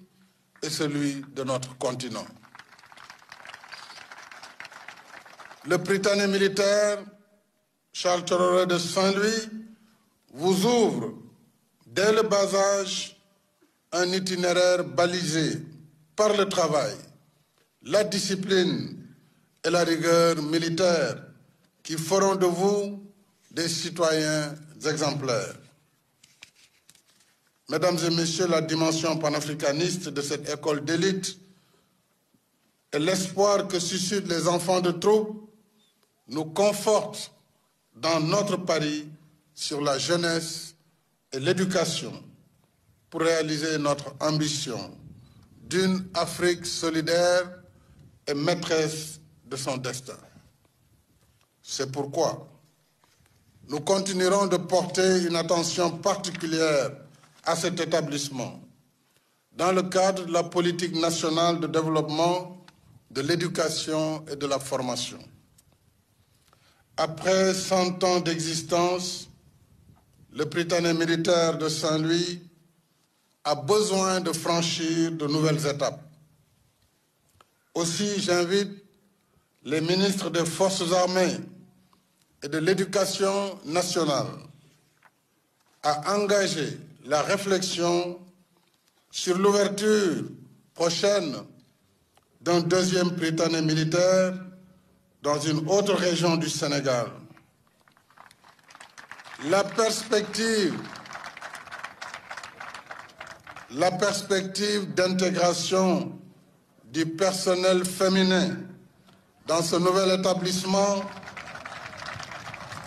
et celui de notre continent. Le Britannique militaire Charles théodore de Saint-Louis vous ouvre dès le bas âge un itinéraire balisé par le travail, la discipline et la rigueur militaire qui feront de vous des citoyens exemplaires. Mesdames et Messieurs, la dimension panafricaniste de cette école d'élite et l'espoir que suscitent les enfants de trop nous confortent dans notre pari sur la jeunesse et l'éducation pour réaliser notre ambition d'une Afrique solidaire et maîtresse de son destin. C'est pourquoi nous continuerons de porter une attention particulière à cet établissement dans le cadre de la politique nationale de développement de l'éducation et de la formation. Après 100 ans d'existence, le Britannique militaire de Saint-Louis a besoin de franchir de nouvelles étapes. Aussi, j'invite les ministres des Forces armées et de l'Éducation nationale à engager la réflexion sur l'ouverture prochaine d'un deuxième Britannique militaire dans une autre région du Sénégal. La perspective la perspective d'intégration du personnel féminin dans ce nouvel établissement,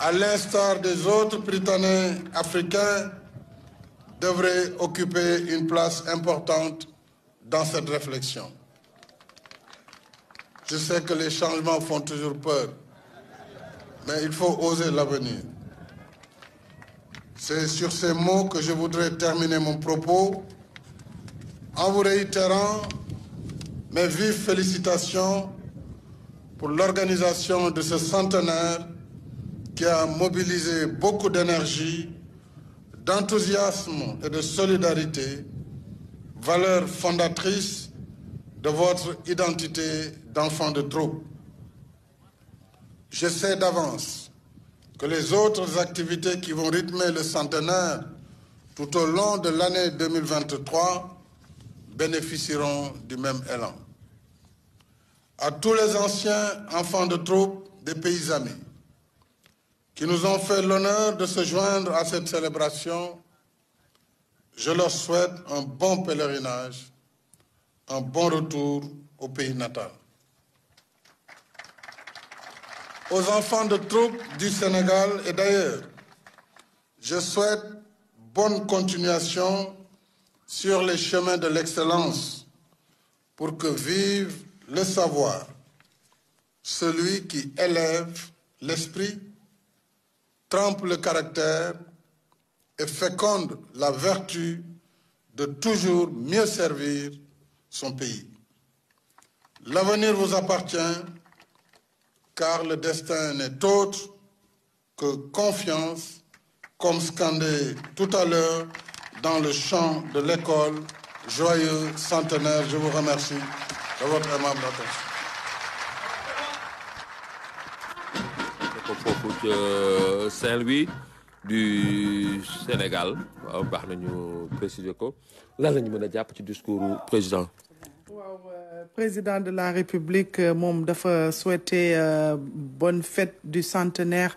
à l'instar des autres Britanniques africains, devrait occuper une place importante dans cette réflexion. Je sais que les changements font toujours peur, mais il faut oser l'avenir. C'est sur ces mots que je voudrais terminer mon propos en vous réitérant mes vives félicitations pour l'organisation de ce centenaire qui a mobilisé beaucoup d'énergie, d'enthousiasme et de solidarité, valeur fondatrice de votre identité d'enfant de troupe. Je sais d'avance que les autres activités qui vont rythmer le centenaire tout au long de l'année 2023 bénéficieront du même élan. À tous les anciens enfants de troupe des pays amis qui nous ont fait l'honneur de se joindre à cette célébration, je leur souhaite un bon pèlerinage, un bon retour au pays natal. Aux enfants de troupes du Sénégal et d'ailleurs, je souhaite bonne continuation sur les chemins de l'excellence pour que vive le savoir, celui qui élève l'esprit, trempe le caractère et féconde la vertu de toujours mieux servir son pays. L'avenir vous appartient car le destin n'est autre que confiance, comme scandé tout à l'heure dans le champ de l'école. Joyeux centenaire, je vous remercie de votre aimable attention. foofu euh, Saint-Louis du Sénégal je vous nañu préciser ko discours président euh, président de la République euh, moom dafa souhaiter bonne fête du centenaire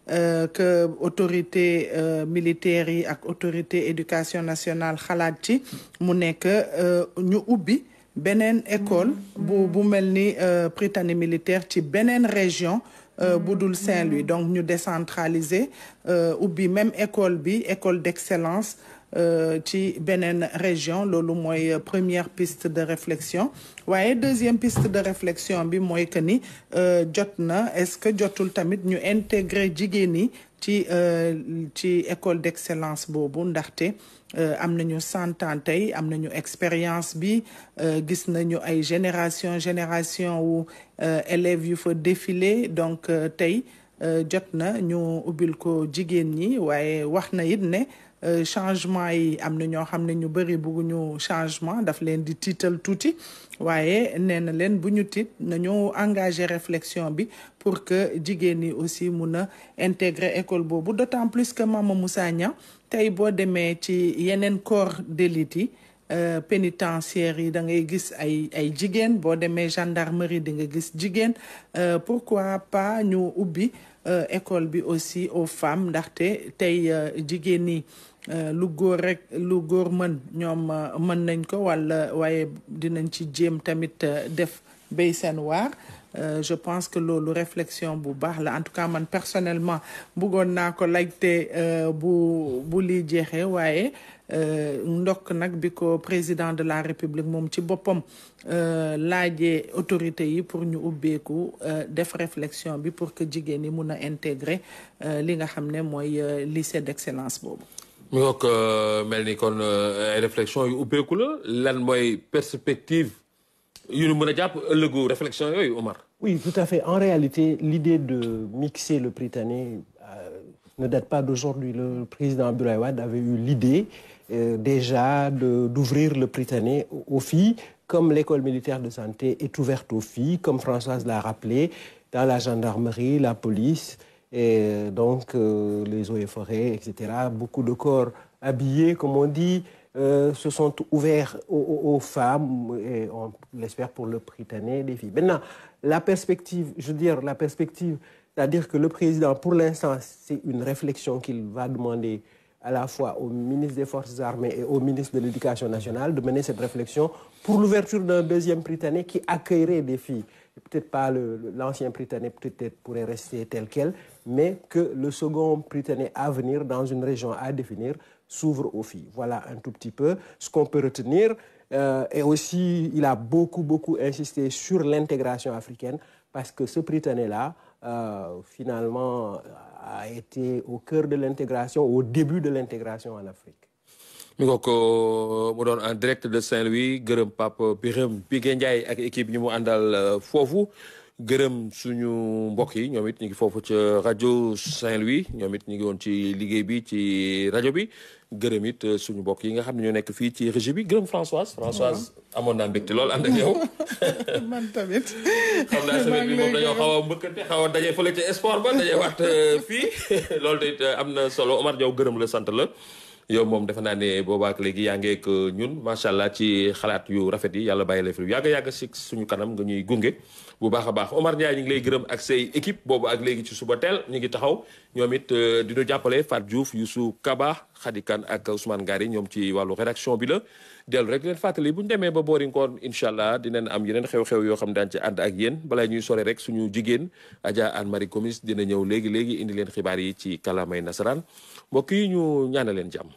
Euh, que autorité euh, militaire et autorité éducation nationale Khalati ci mu une euh, ñu école bu bu melni britannique militaire ci benen région bu dul Saint-Louis donc ñu décentraliser ubbi même école bi école d'excellence euh, ci benen région loolu moy première piste de réflexion waye deuxième piste de réflexion bi moy que ni euh jotna est-ce que jotul tamit ñu intégrer jigéen ci euh ci école d'excellence bobu ndaxte euh, amna ñu santante tey am expérience bi euh, gis nañu ay génération génération wu euh, élèves yu fa défiler donc tay jotna na ñu ubbil ko jigéen waye waaye wax na it né euh, changement yi am na ñoo xam ne ñu changement daf leen di titel touti waaye néna leen buñu tit nañoo réflexion bi pour que jigéen aussi muna intégrer école boobu d'autant plus que maman Moussa Niang bo bo demee ci yenen corps d'élite yi euh, pénitentiaire yi da ngay gis ay ay jigéen bo démé gendarmerie da nga gis jigéen euh, pourquoi pas ñu ubbi école bi aussi aux femmes d'arté tey jigéen euh, lu je pense que loolu réflexion bu en tout cas personnellement bëggoon naa ko te euh, bu bu lii euh, ndokk président de la république moom ci boppam laajee autorité pour ñu ubbeeku def réflexion pour que jigéen intégrer li lycée d'excellence donc, euh, kon euh, réflexion yu la perspective yu réflexion Omar oui tout à fait en réalité l'idée de mixer le Britannique euh, ne date pas d'aujourd'hui le président Abdoulaye avait eu l'idée déjà d'ouvrir le Britannique aux filles comme l'école militaire de santé est ouverte aux filles comme Françoise l'a rappelé dans la gendarmerie la police et donc euh, les eaux et forêts, etc. Beaucoup de corps habillés, comme on dit, euh, se sont ouverts aux, femmes, et on l'espère pour le Britannique des filles. Maintenant, la perspective, je veux dire, la perspective, c'est-à-dire que le président, pour l'instant, c'est une réflexion qu'il va demander à la fois au ministre des Forces armées et au ministre de l'Éducation nationale de mener cette réflexion pour l'ouverture d'un deuxième Britannique qui accueillerait des filles peut-être pas l'ancien Britannique peut-être pourrait rester tel quel, mais que le second Britannique à venir dans une région à définir s'ouvre aux filles. Voilà un tout petit peu ce qu'on peut retenir. Euh, et aussi, il a beaucoup, beaucoup insisté sur l'intégration africaine parce que ce Britannique-là, euh, finalement, a été au cœur de l'intégration, au début de l'intégration en Afrique. mi ko ko euh, mu doon en direct de Saint-Louis gërëm pap Birame Bigué Ndiaye ak équipe ñi mu àndal euh, foofu gërëm suñu mbokk yi ñoom it ñu ngi foofu ci rajo Saint-Louis ñoom it ñu ngi woon ci liggéey bi ci rajo bi gërëm it euh, suñu mbokk yi nga xam ne ñoo nekk fii ci régie bi gërëm Françoise Françoise amoon naa mbégte lool ànd ak yow. man tamit. xam naa semaine bi moom dañoo xaw a mbëkkante daje fële ca sport ba daje waat fii loolu it am na solo Omar Diaw gërëm la sant la. yow moom defe naa ne boobaak léegi yaa ngeek euh, ñun macha allah ci xalaat yu rafet yi yàlla bàyyi la fi yàgg yàgg si suñu kanam nga ñuy gunge bu baax a baax Omar Ndiaye ñu ngi lay gërëm ak say équipe boobu ak léegi ci suba teel ñu ngi taxaw ñoom it euh, di ñu jàppale Fatou Diouf Youssou Kaba Khady Kane ak Ousmane Ngari ñoom ci wàllu rédaction bi la dellu rek leen fàttali bu ñu demee ba boori ngoon incha dina dinañ am yeneen xew-xew yoo xam daan ci ànd ak yéen balaa ñuy sore rek suñu jigéen Adja Anne Marie Comis dina ñëw léegi léegi indi leen xibaar yi ci kalamay nasaraan mbokk yi ñu ñaana leen jàmm